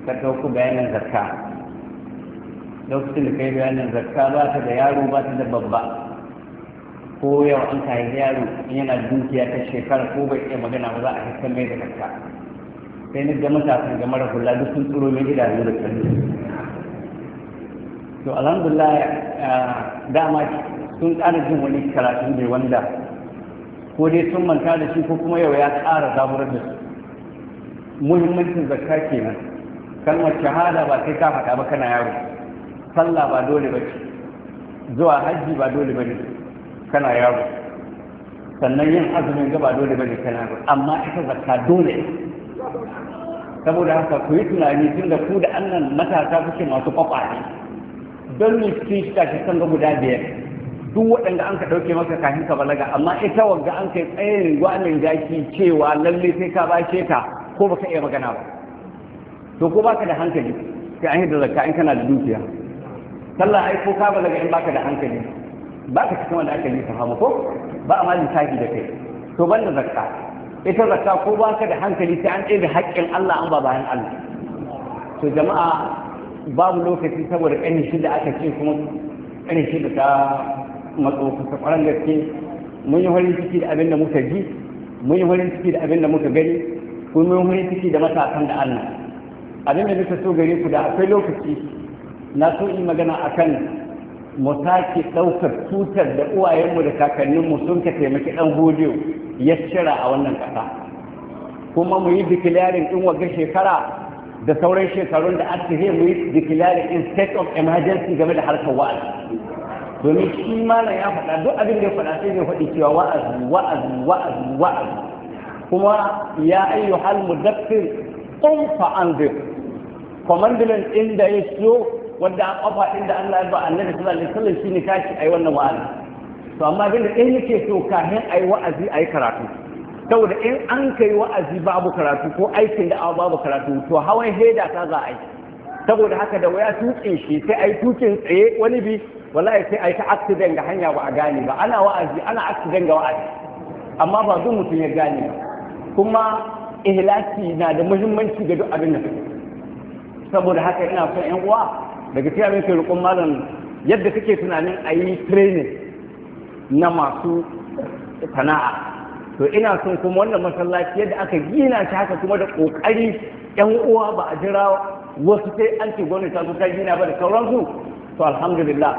ka ɗauko bayanin zakka lokacin da kai bayanin zakka ba ta da yaro ba ta da babba ko yau an kayi yaro in yana dukiya ta shekara ko bai iya magana ba za a haifar mai da zakka sai ni ga matasan ga mara hula duk sun tsoro mai gida da kallo to alhamdulillah dama sun ƙara jin wani karatu ne wanda ko dai sun manta da shi ko kuma yau ya ƙara zaburar da su muhimmancin zakka kenan kalmar shahada ba sai ka faɗa ba kana yaro sallah ba dole ba zuwa hajji ba dole ba kana yaro sannan yin azumin ga ba dole ba kana yaro amma ita zakka dole saboda haka ku yi tunani tun da ku da annan matasa kuke masu kwakwari don ne cikin shi tashi kan guda biyar duk waɗanda an ka ɗauke maka kafin ka balaga amma ita wanga an kai tsayin gwanin zaki cewa lalle sai ka bashe ta ko baka iya magana ba to ko baka da hankali sai an yi da zakka in kana da dukiya sallah ai ko ka balaga in baka da hankali baka cikin wanda aka yi sahaba ko ba a ma lissafi da kai to ban da zakka ita zakka ko baka da hankali sai an ɗaya da haƙƙin Allah an ba bayan Allah to jama'a babu lokaci saboda ƙanin da aka ce kuma ƙanin da ta matso kusa ƙwarar gaske mun yi farin ciki da abin da muka ji mun yi farin ciki da abin da muka gani kuma mun yi farin ciki da matasan da Allah abin da nika so gare ku da akwai lokaci na so in magana akan mu sake ɗaukar cutar da uwayenmu da kakanninmu sun ka taimaki ɗan godiyo ya cira a wannan ƙasa kuma mu yi dikilarin ɗin waje shekara da sauran shekarun da aka yi mu yi dikilarin in state of emergency game da harkar wa'azi domin shi ya faɗa duk abin da ya faɗa sai zai faɗi cewa wa'azi wa'azi wa'azi wa'azi kuma ya ayyuhal mudaffir kun fa'anzir commandment din inda ya siyo wanda a kafa inda Allah ya ba annabi sallallahu alaihi wasallam shine kashi ai wannan wa'azi to amma bin da yake so kafin ai wa'azi ai karatu saboda in an kai wa'azi babu karatu ko aikin da babu karatu to hawan heda ta za ai saboda haka da waya tukin shi sai ai tukin tsaye wani bi wallahi sai ai ta accident ga hanya ba a gane ba ana wa'azi ana accident ga wa'azi amma ba zuwa mutum ya gane ba kuma ihlaki na da muhimmanci ga duk abin nan saboda haka ina son yan uwa daga cikin abin rukun malam yadda kake tunanin a yi training na masu sana'a to ina son kuma wannan masallaci yadda aka gina shi haka kuma da ƙoƙari yan uwa ba a jira wasu sai an ce gwamnati ta zo ta gina ba da sauransu to alhamdulillah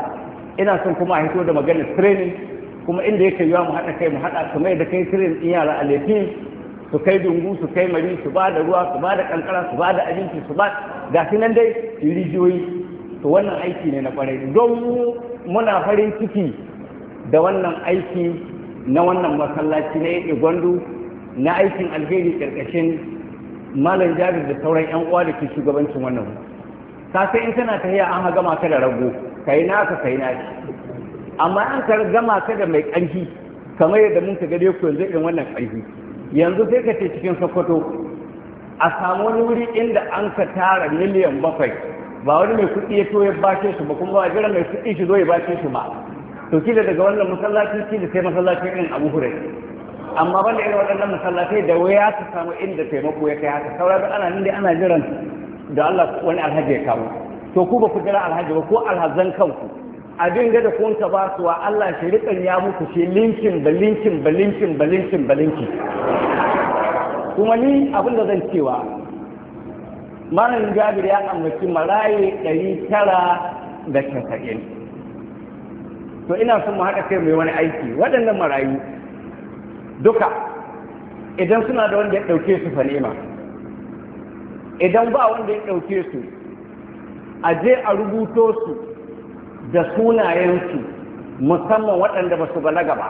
ina son kuma a hito da maganar training kuma inda yake yawa mu haɗa kai mu haɗa kamar yadda kai training ɗin yara a su kai dungu su kai mari su ba da ruwa su ba da kankara su ba da abinci su ba ga su nan dai rijiyoyi to wannan aiki ne na kwarai don muna farin ciki da wannan aiki na wannan masallaci na yake gwandu na aikin alheri karkashin malam jabir da sauran yan uwa da ke shugabancin wannan ka sai in kana tafiya an haga maka da rago kai naka kai naki amma an ka gama ka da mai ƙarfi kamar yadda mun ka gade ku yanzu irin wannan ƙarfi yanzu sai ka ce cikin sokoto a samu wani wuri inda an ka tara miliyan bakwai ba wani mai kuɗi ya to ya bashe su ba kuma ba jira mai kuɗi shi zo ya bashe su ba to kila daga wannan masallaci kila sai masallaci irin abu hurai amma ban da irin waɗannan masallatai da ya ta samu inda taimako ya kai haka saura ana nan dai ana jiran da Allah wani alhaji ya kawo to ku ba ku jira alhaji ba ko alhazan kanku abin da da kunka ba su wa Allah shi rikan ya muku shi linkin ba linkin ba linkin ba linkin ba linkin kuma ni abin da zan cewa malam jabir ya ambaci maraye ɗari tara da casa'in to ina son mu haɗa kai mai wani aiki waɗannan marayu duka idan suna da wanda ya ɗauke su fa nema idan ba wanda ya ɗauke su a je a rubuto su da sunayensu musamman waɗanda ba su balaga ba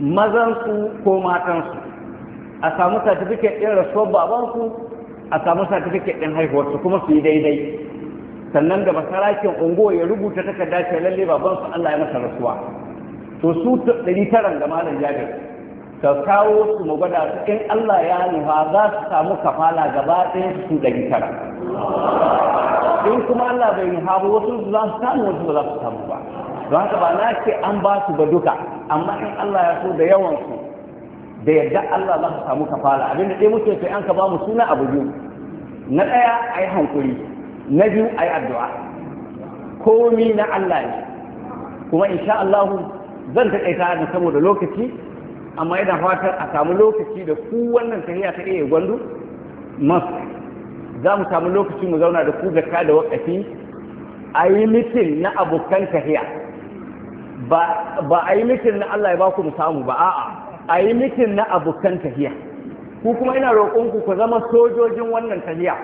mazansu ko matansu a samu certificate ɗin rasuwar babansu a samu certificate ɗin haihuwarsu kuma su yi daidai sannan da masarakin ungo ya rubuta takarda ce lalle babansu Allah ya masa rasuwa to su ɗari taran da malam jami'a. ka kawo su mu gwada su in Allah ya nufa za su samu kafala gaba ɗaya su ɗari tara in kuma Allah bai yi hagu wasu za su samu wasu ba za su samu ba don haka ba na ce an ba su ba duka amma in Allah ya so da yawan da yadda Allah za su samu kafara abin da ɗaya muke sai an ka ba mu suna a biyu na ɗaya a yi hankuri na biyu a yi addu'a komi na Allah ne kuma insha Allah zan tare da saboda lokaci amma yana fatan a samu lokaci da ku wannan tahiya ta iya gwandu masu za mu samu lokaci mu zauna da ku ka da wakati a yi mitin na abokan tahiya ba a yi mitin na Allah ya ba ku samu ba a'a a yi mitin na abokan tahiya ku kuma ina roƙonku ku zama sojojin wannan tafiya.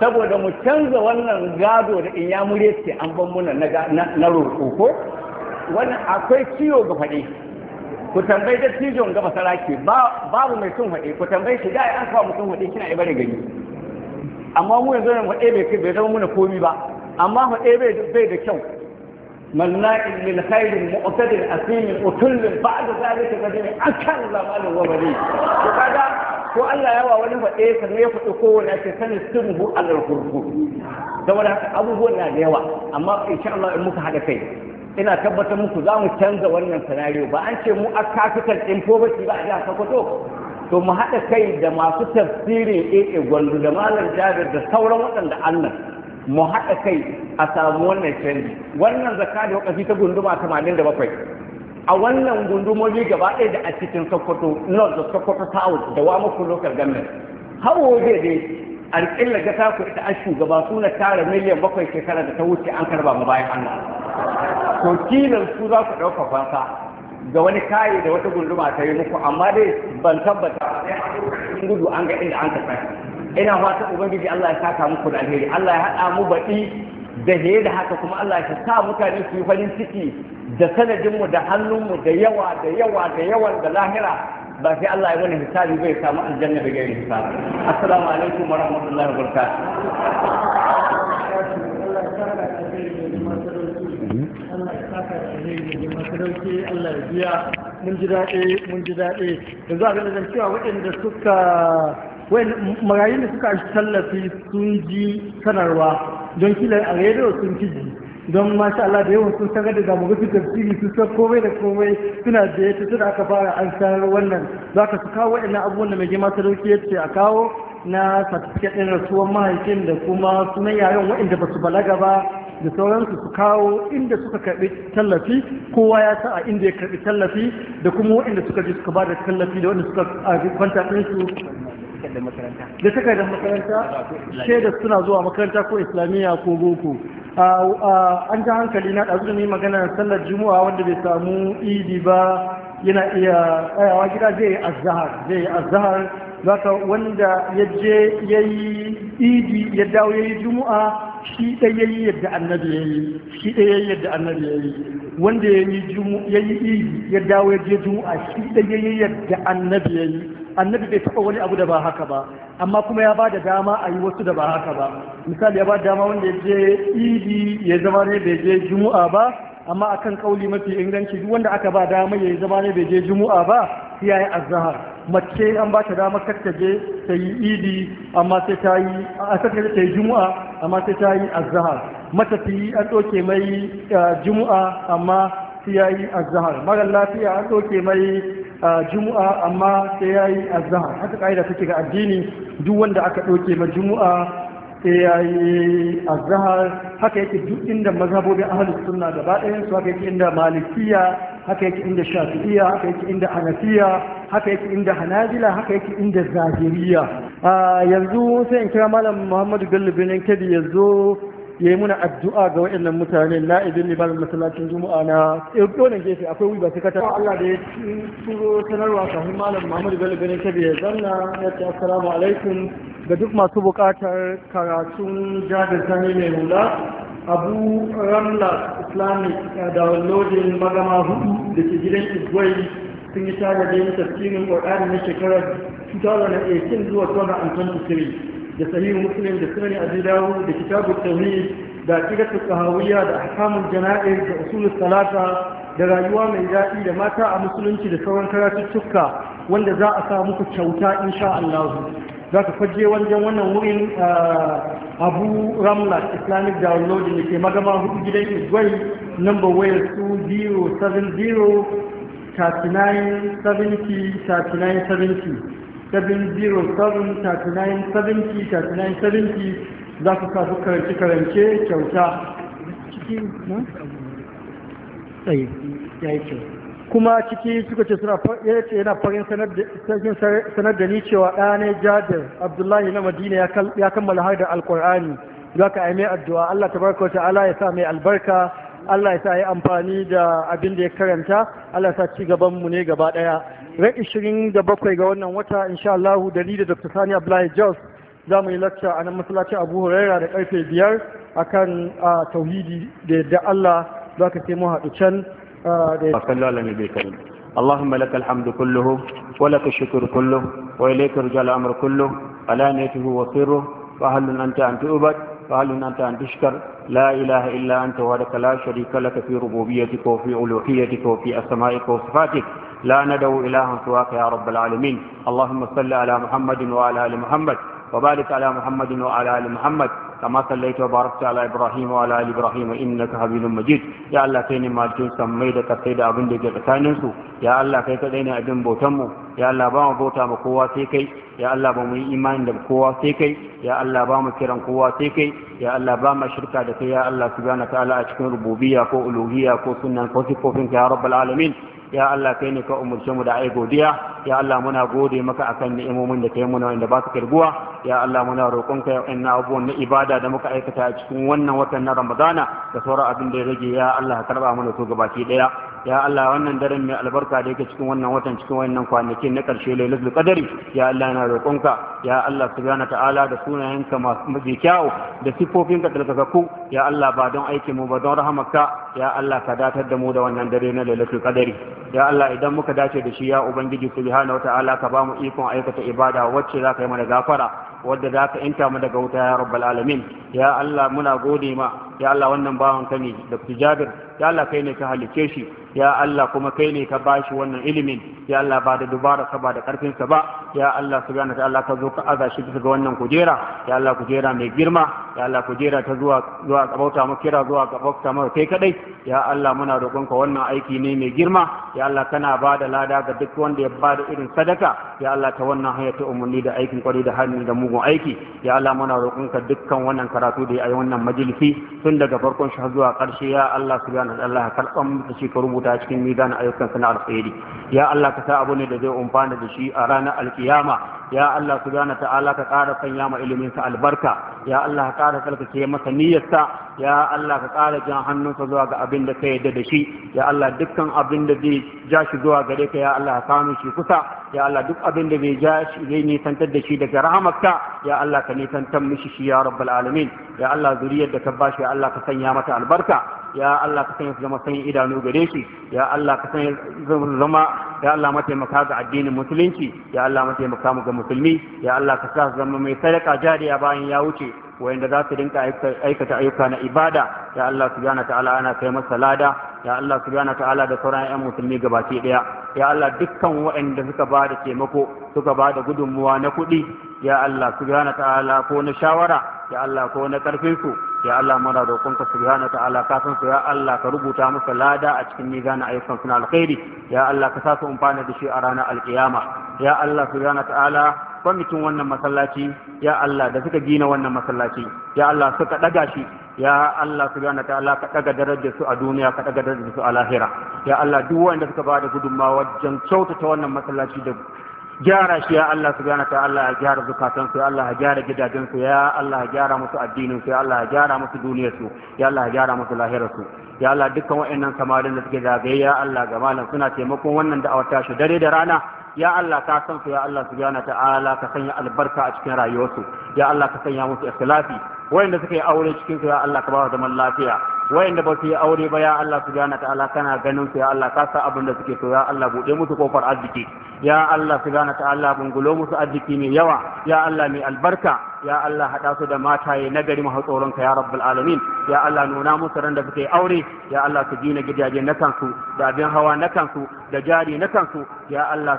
saboda mu canza wannan gado da in ya mure ce an ban muna na roƙo ko wannan akwai ciwo ga faɗi ku tambayi da cijon ga masaraki babu mai sun faɗi ku tambayi shi da an kawo mutum faɗi kina ibare gari amma mu yanzu mu ɗebe bai zama muna komi ba amma mu bai da kyau manna'in lil khairin mu'tadil asimin utullin ba'da zalika kadin akan zamalin wa to kada ko Allah yawa wani faɗe ka ne ya faɗi kowanne ake sanin sirru al-kurku saboda haka abubuwan na da yawa amma insha Allah in muka haɗa kai ina tabbatar muku za mu canza wannan scenario ba an ce mu a ɗin in ba a jihar Sokoto to mu haɗa kai da masu tafsirin ƙeƙe gwandu da malam jabir da sauran waɗanda allah mu haɗa kai a samu wannan canji wannan zakka da wakafi ta gunduma tamanin da bakwai a wannan gundumomi gaba ɗaya da a cikin sokoto north da sokoto south da wamako local government hawo da dai alƙilla ga taku ita a shugaba suna tara miliyan bakwai shekara da ta wuce an karba mu bayan allah to kilan su za ku ɗauka fansa ga wani kayi da wata gunduma ta yi muku amma dai ban tabbata sai gudu an ga inda an kasa ina fata ubangiji Allah ya saka muku da alheri Allah ya haɗa mu baɗi da heye da haka kuma Allah ya sa mutane su yi farin ciki da sanadinmu da hannunmu da yawa da yawa da yawan da lahira ba sai Allah ya wani hisabi bai samu aljanna da gairi hisabi assalamu alaikum wa rahmatullahi wa barakatuh amin Allah ya biya mun ji daɗe mun ji daɗe yanzu a ganin cewa waɗanda suka marayun da suka tallafi sun ji sanarwa don kila a rediyo sun ji don masha Allah da yawan sun sanar da zamu da tafsiri su san komai da komai suna da ya tun aka fara an sanar wannan za ka su kawo waɗannan abubuwan da mai girma ta dauke yace a kawo na certificate ɗin rasuwar mahaifin da kuma sunan yaren waɗanda ba su balaga ba da sauransu su kawo inda suka karbi tallafi kowa ya sa a inda ya karbi tallafi da kuma waɗanda suka ji suka ba da tallafi da wanda suka kwanta su. da takardar makaranta da suna zuwa makaranta ko islamiyya ko boko an ji hankali na ɗazu ni magana sallar juma'a wanda bai samu idi ba yana iya tsayawa gida zai yi azahar zai yi azahar zaka wanda ya je ya yi idi ya dawo ya yi juma'a shi ɗaya yi yadda annabi yayi shi ya yi yadda annabi yi, wanda yayi jumu ya dawo ya je juma'a shi ya yi yadda annabi yi, annabi bai taɓa wani abu da ba haka ba amma kuma ya ba da dama a yi wasu da ba haka ba misali ya ba da dama wanda ya je ibi ya zama ne bai je juma'a ba amma akan ƙauli mafi inganci duk wanda aka ba dama ya zama ne bai je juma'a ba ya yi azahar mace an ba ta damar kakkaje ta yi idi amma sai ta yi a kakkaje ta yi juma'a amma sai ta yi azahar matafiyi an ɗauke mai juma'a amma sai ya yi azahar mara lafiya an ɗauke mai juma'a amma sai ya yi azahar haka ka'ida take ga addini duk wanda aka ɗauke ma juma'a sai ya yi azahar haka yake duk inda mazhabobin ahalus sunna gaba ɗayan su haka yake inda malikiya haka yake inda shafi'iya haka yake inda hanafiya haka yake inda hanabila haka yake inda zahiriya yanzu sai in kira malam muhammadu bello birnin kebbi ya zo ya yi muna addu'a ga waɗannan mutane ne idin masallacin juma'a na ɗonan eh, gefe akwai wiba ta kata Allah da ya turo sanarwa kafin malam Muhammadu Bello Bene Kebe ya zanna ya ce assalamu alaikum ga duk masu buƙatar karatun jabir sani mai hula abu ramla islamic downloading magama hudu da ke gidan igwai sun yi tare da yin tafsirin ƙwarƙari na shekarar 2018 zuwa 2023 da sahihu muslim da sunani abu da kitabu tauhid da akidatu kahawiyya da ahkamul jana'iz da usulul salata da rayuwa mai daɗi da mata a musulunci da sauran karatuttuka wanda za a sa muku kyauta insha Allah za ka kwaje wajen wannan wurin ah, abu ramla islamic download da ke magama hudu gidan igwai number wayar su 070 3970 za ku sa su karance-karance kyauta cikin tsaye ya yi kyauta. kuma ciki suka ce suna ya ce yana farin sanar da ni cewa ɗane jabir abdullahi na madina ya kammala har da alkur'ani za ka aime addu'a allah ta barka wata ala ya sa mai albarka allah ya sa ya amfani da abin da ya karanta allah ya sa ci gaban mu ne gaba ɗaya ran ishirin da bakwai ga wannan wata insha allahu da ni da dr sani abdullahi jos za mu yi lacca a nan masallaci abu huraira da karfe biyar akan tauhidi da yadda allah za ka sai mu haɗu can وصلوا على النبي الكريم اللهم لك الحمد كله ولك الشكر كله وإليك رجع الأمر كله علانيته وسره فهل أنت أن تؤبد فهل أنت أن تشكر لا إله إلا أنت وحدك لا شريك لك في ربوبيتك وفي ألوهيتك وفي أسمائك وصفاتك لا ندعو إلها سواك يا رب العالمين اللهم صل على محمد وعلى آل محمد وبارك على محمد وعلى آل محمد كما صليت وباركت على إبراهيم وعلى آل إبراهيم إنك حميد مجيد يا الله كين ما تكون سمي da kasai da abin da ke tsakaninsu ya Allah kai kadai ne abin bautanmu ya Allah ba mu bauta ma kowa sai kai ya Allah ba mu yi imani da kowa sai kai ya Allah ba mu kiran kowa sai kai ya Allah ba mu shirka da kai ya Allah subhanahu ta'ala a cikin rububiya ko uluhiyya ko sunan ko sifofin ka ya rabbal alamin ya Allah kai ne ka umurce mu da ai godiya ya Allah muna gode maka akan ni'imomin da kai muna wanda ba su kirguwa ya Allah muna roƙonka ya ina abubuwan na ibada da muka aikata a cikin wannan watan na Ramadana da sauran abin da ya rage ya Allah karba mana su gabaki daya ya Allah wannan daren mai albarka da yake cikin wannan watan cikin wannan kwanakin na ƙarshe lailatul qadari ya Allah na roƙonka ya Allah subhanahu ta'ala da sunayenka mafi kyau da sifofinka tsarkakakku ya Allah ba don aikin mu ba don rahamarka ya Allah ka datar da mu da wannan dare na lailatul qadari ya Allah idan muka dace da shi ya ubangiji subhanahu ta'ala ka ba mu ikon aikata ibada wacce za ka yi mana gafara wadda za ka inta mu daga wuta ya rabbal alamin ya Allah muna gode ma ya Allah wannan bawan ka ne da Jabir ya Allah kai ne ka halice shi ya Allah kuma kai ne ka bashi wannan ilimin ya Allah ba da dubara ka ba da karfin sa ba ya Allah subhanahu wa ta'ala ka zo ka aza shi daga wannan kujera ya Allah kujera mai girma ya Allah kujera ta zuwa zuwa kabauta mu kira zuwa kabauta mu kai kadai ya Allah muna roƙon ka wannan aiki ne mai girma ya Allah kana ba da lada ga duk wanda ya ba da irin sadaka ya Allah ta wannan hanya ta umarni da aikin kwari da hannu da mugun aiki ya Allah muna roƙon ka dukkan wannan karatu da ya yi wannan majalisi tun daga farkon shi zuwa ƙarshe ya Allah subhanahu wa ta'ala ka karɓa mu shi ka rubuta rubuta cikin mizan ayyukan sana alkhairi ya Allah ka sa abu ne da zai umfana da shi a ranar alkiyama ya Allah subhanahu ta'ala ka ƙara sanya ma ilimin sa albarka ya Allah ka ƙara tsarkake masa niyyarsa ya Allah ka ƙara jan hannunsa zuwa ga abin da ka yadda da shi ya Allah dukkan abin da zai ja shi zuwa gare ka ya Allah ka kawo shi kusa ya Allah duk abin da bai ja shi zai nisantar da shi daga rahamarka ya Allah ka nisantar mishi shi ya rabbal alamin ya Allah zuriyar da ka bashi ya Allah ka sanya mata albarka ya Allah ka sanya su zama sanyin idanu gare shi ya Allah ka sanya zama ya Allah mataimaka ga addinin musulunci ya Allah mataimaka mu ga musulmi ya Allah ka sa su zama mai sadaka jariya bayan ya wuce wayanda za su dinka aikata ayyuka na ibada ya Allah subhanahu ta'ala ana kai masa lada ya Allah subhanahu ta'ala da sauran ƴan musulmi gabaki daya ya Allah dukkan waɗanda suka ba da taimako suka ba da gudunmuwa na kuɗi ya Allah subhanahu ta'ala ko na shawara ya Allah ko na ƙarfin su ya Allah muna su subhanahu ta'ala ka san su ya Allah ka rubuta masa lada a cikin mizanin ayyukan suna alkhairi ya Allah ka sa su umfana da shi a ranar alkiyama ya Allah subhanahu ta'ala kwamitin wannan masallaci ya Allah da suka gina wannan masallaci ya Allah suka daga shi ya Allah subhanahu ta'ala ka daga darajar su a duniya ka daga darajar su a lahira ya Allah duk wanda suka ba da gudunmawa wajen kyautata wannan masallaci da gyara shi ya Allah su gane ta Allah ya gyara zukatan su ya Allah ya gyara gidajen su ya Allah ya gyara musu addininsu, ya Allah ya gyara musu duniyarsu, ya Allah ya gyara musu lahirarsu. su ya Allah dukkan wa'annan samarin da suke zagaye ya Allah ga malam suna taimakon wannan da'awar tashi dare da rana ya Allah ka san su ya Allah su gane ta ta'ala ka sanya albarka a cikin rayuwarsu ya Allah ka sanya musu ikhlasi wayanda suka yi aure cikin su ya Allah ka ba zaman lafiya wayanda ba su yi aure ba ya Allah subhanahu ta'ala kana ganin su ya Allah ka sa abin da suke so ya Allah buɗe musu kofar arziki ya Allah subhanahu ta'ala bungulo musu arziki mai yawa ya Allah mai albarka ya Allah haɗa su da mataye na gari masu tsoron ka ya rabbul alamin ya Allah nuna musu ran da suke aure ya Allah su gina gidaje na kansu da abin hawa na kansu da jari na kansu ya Allah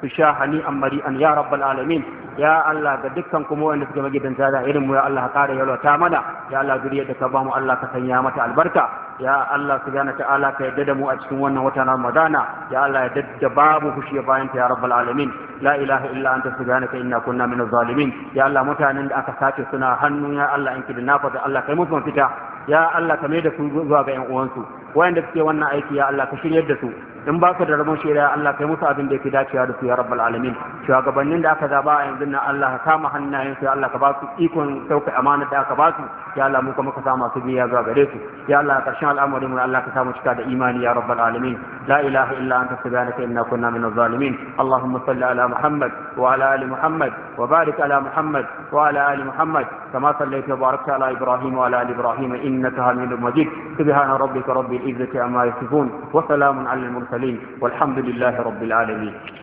su sha hani an an ya rabbul alamin ya Allah ga dukkan kuma wanda suke magidanta da irin mu ya Allah ka kare yalwata mana ya Allah zuriyar da ka ba mu Allah ka sanya mata maka albarka ya Allah subhanahu ta'ala ka yadda da mu a cikin wannan watan Ramadana ya Allah yadda da babu fushi bayan ta ya rabbal alamin la ilaha illa anta subhanaka inna kunna minaz zalimin ya Allah mutanen da aka sace suna hannun ya Allah in da Allah kai musu mafita ya Allah ka mai da su zuwa ga 'yan uwansu wayanda suke wannan aiki ya Allah ka shiryar da su in ba ka da rabon shirya ya Allah kai musu abin da yake dacewa da su ya rabbal alamin shugabannin da aka zaba a yanzu na Allah ka kama hannayen su ya Allah ka ba su ikon sauka amana da aka ba su ya Allah mu kuma ka sa masu biya zuwa gare su ya Allah karshen al'amari mu Allah ka samu cika da imani ya rabbal alamin la ilaha illa anta subhanaka inna kunna min zalimin allahumma salli ala muhammad wa ala ali muhammad wa barik ala muhammad wa ala ali muhammad kama sallaita barakta ala ibrahim wa ala ali ibrahim إنك حميد مجيد سبحان ربك رب العزة عما يصفون وسلام على المرسلين والحمد لله رب العالمين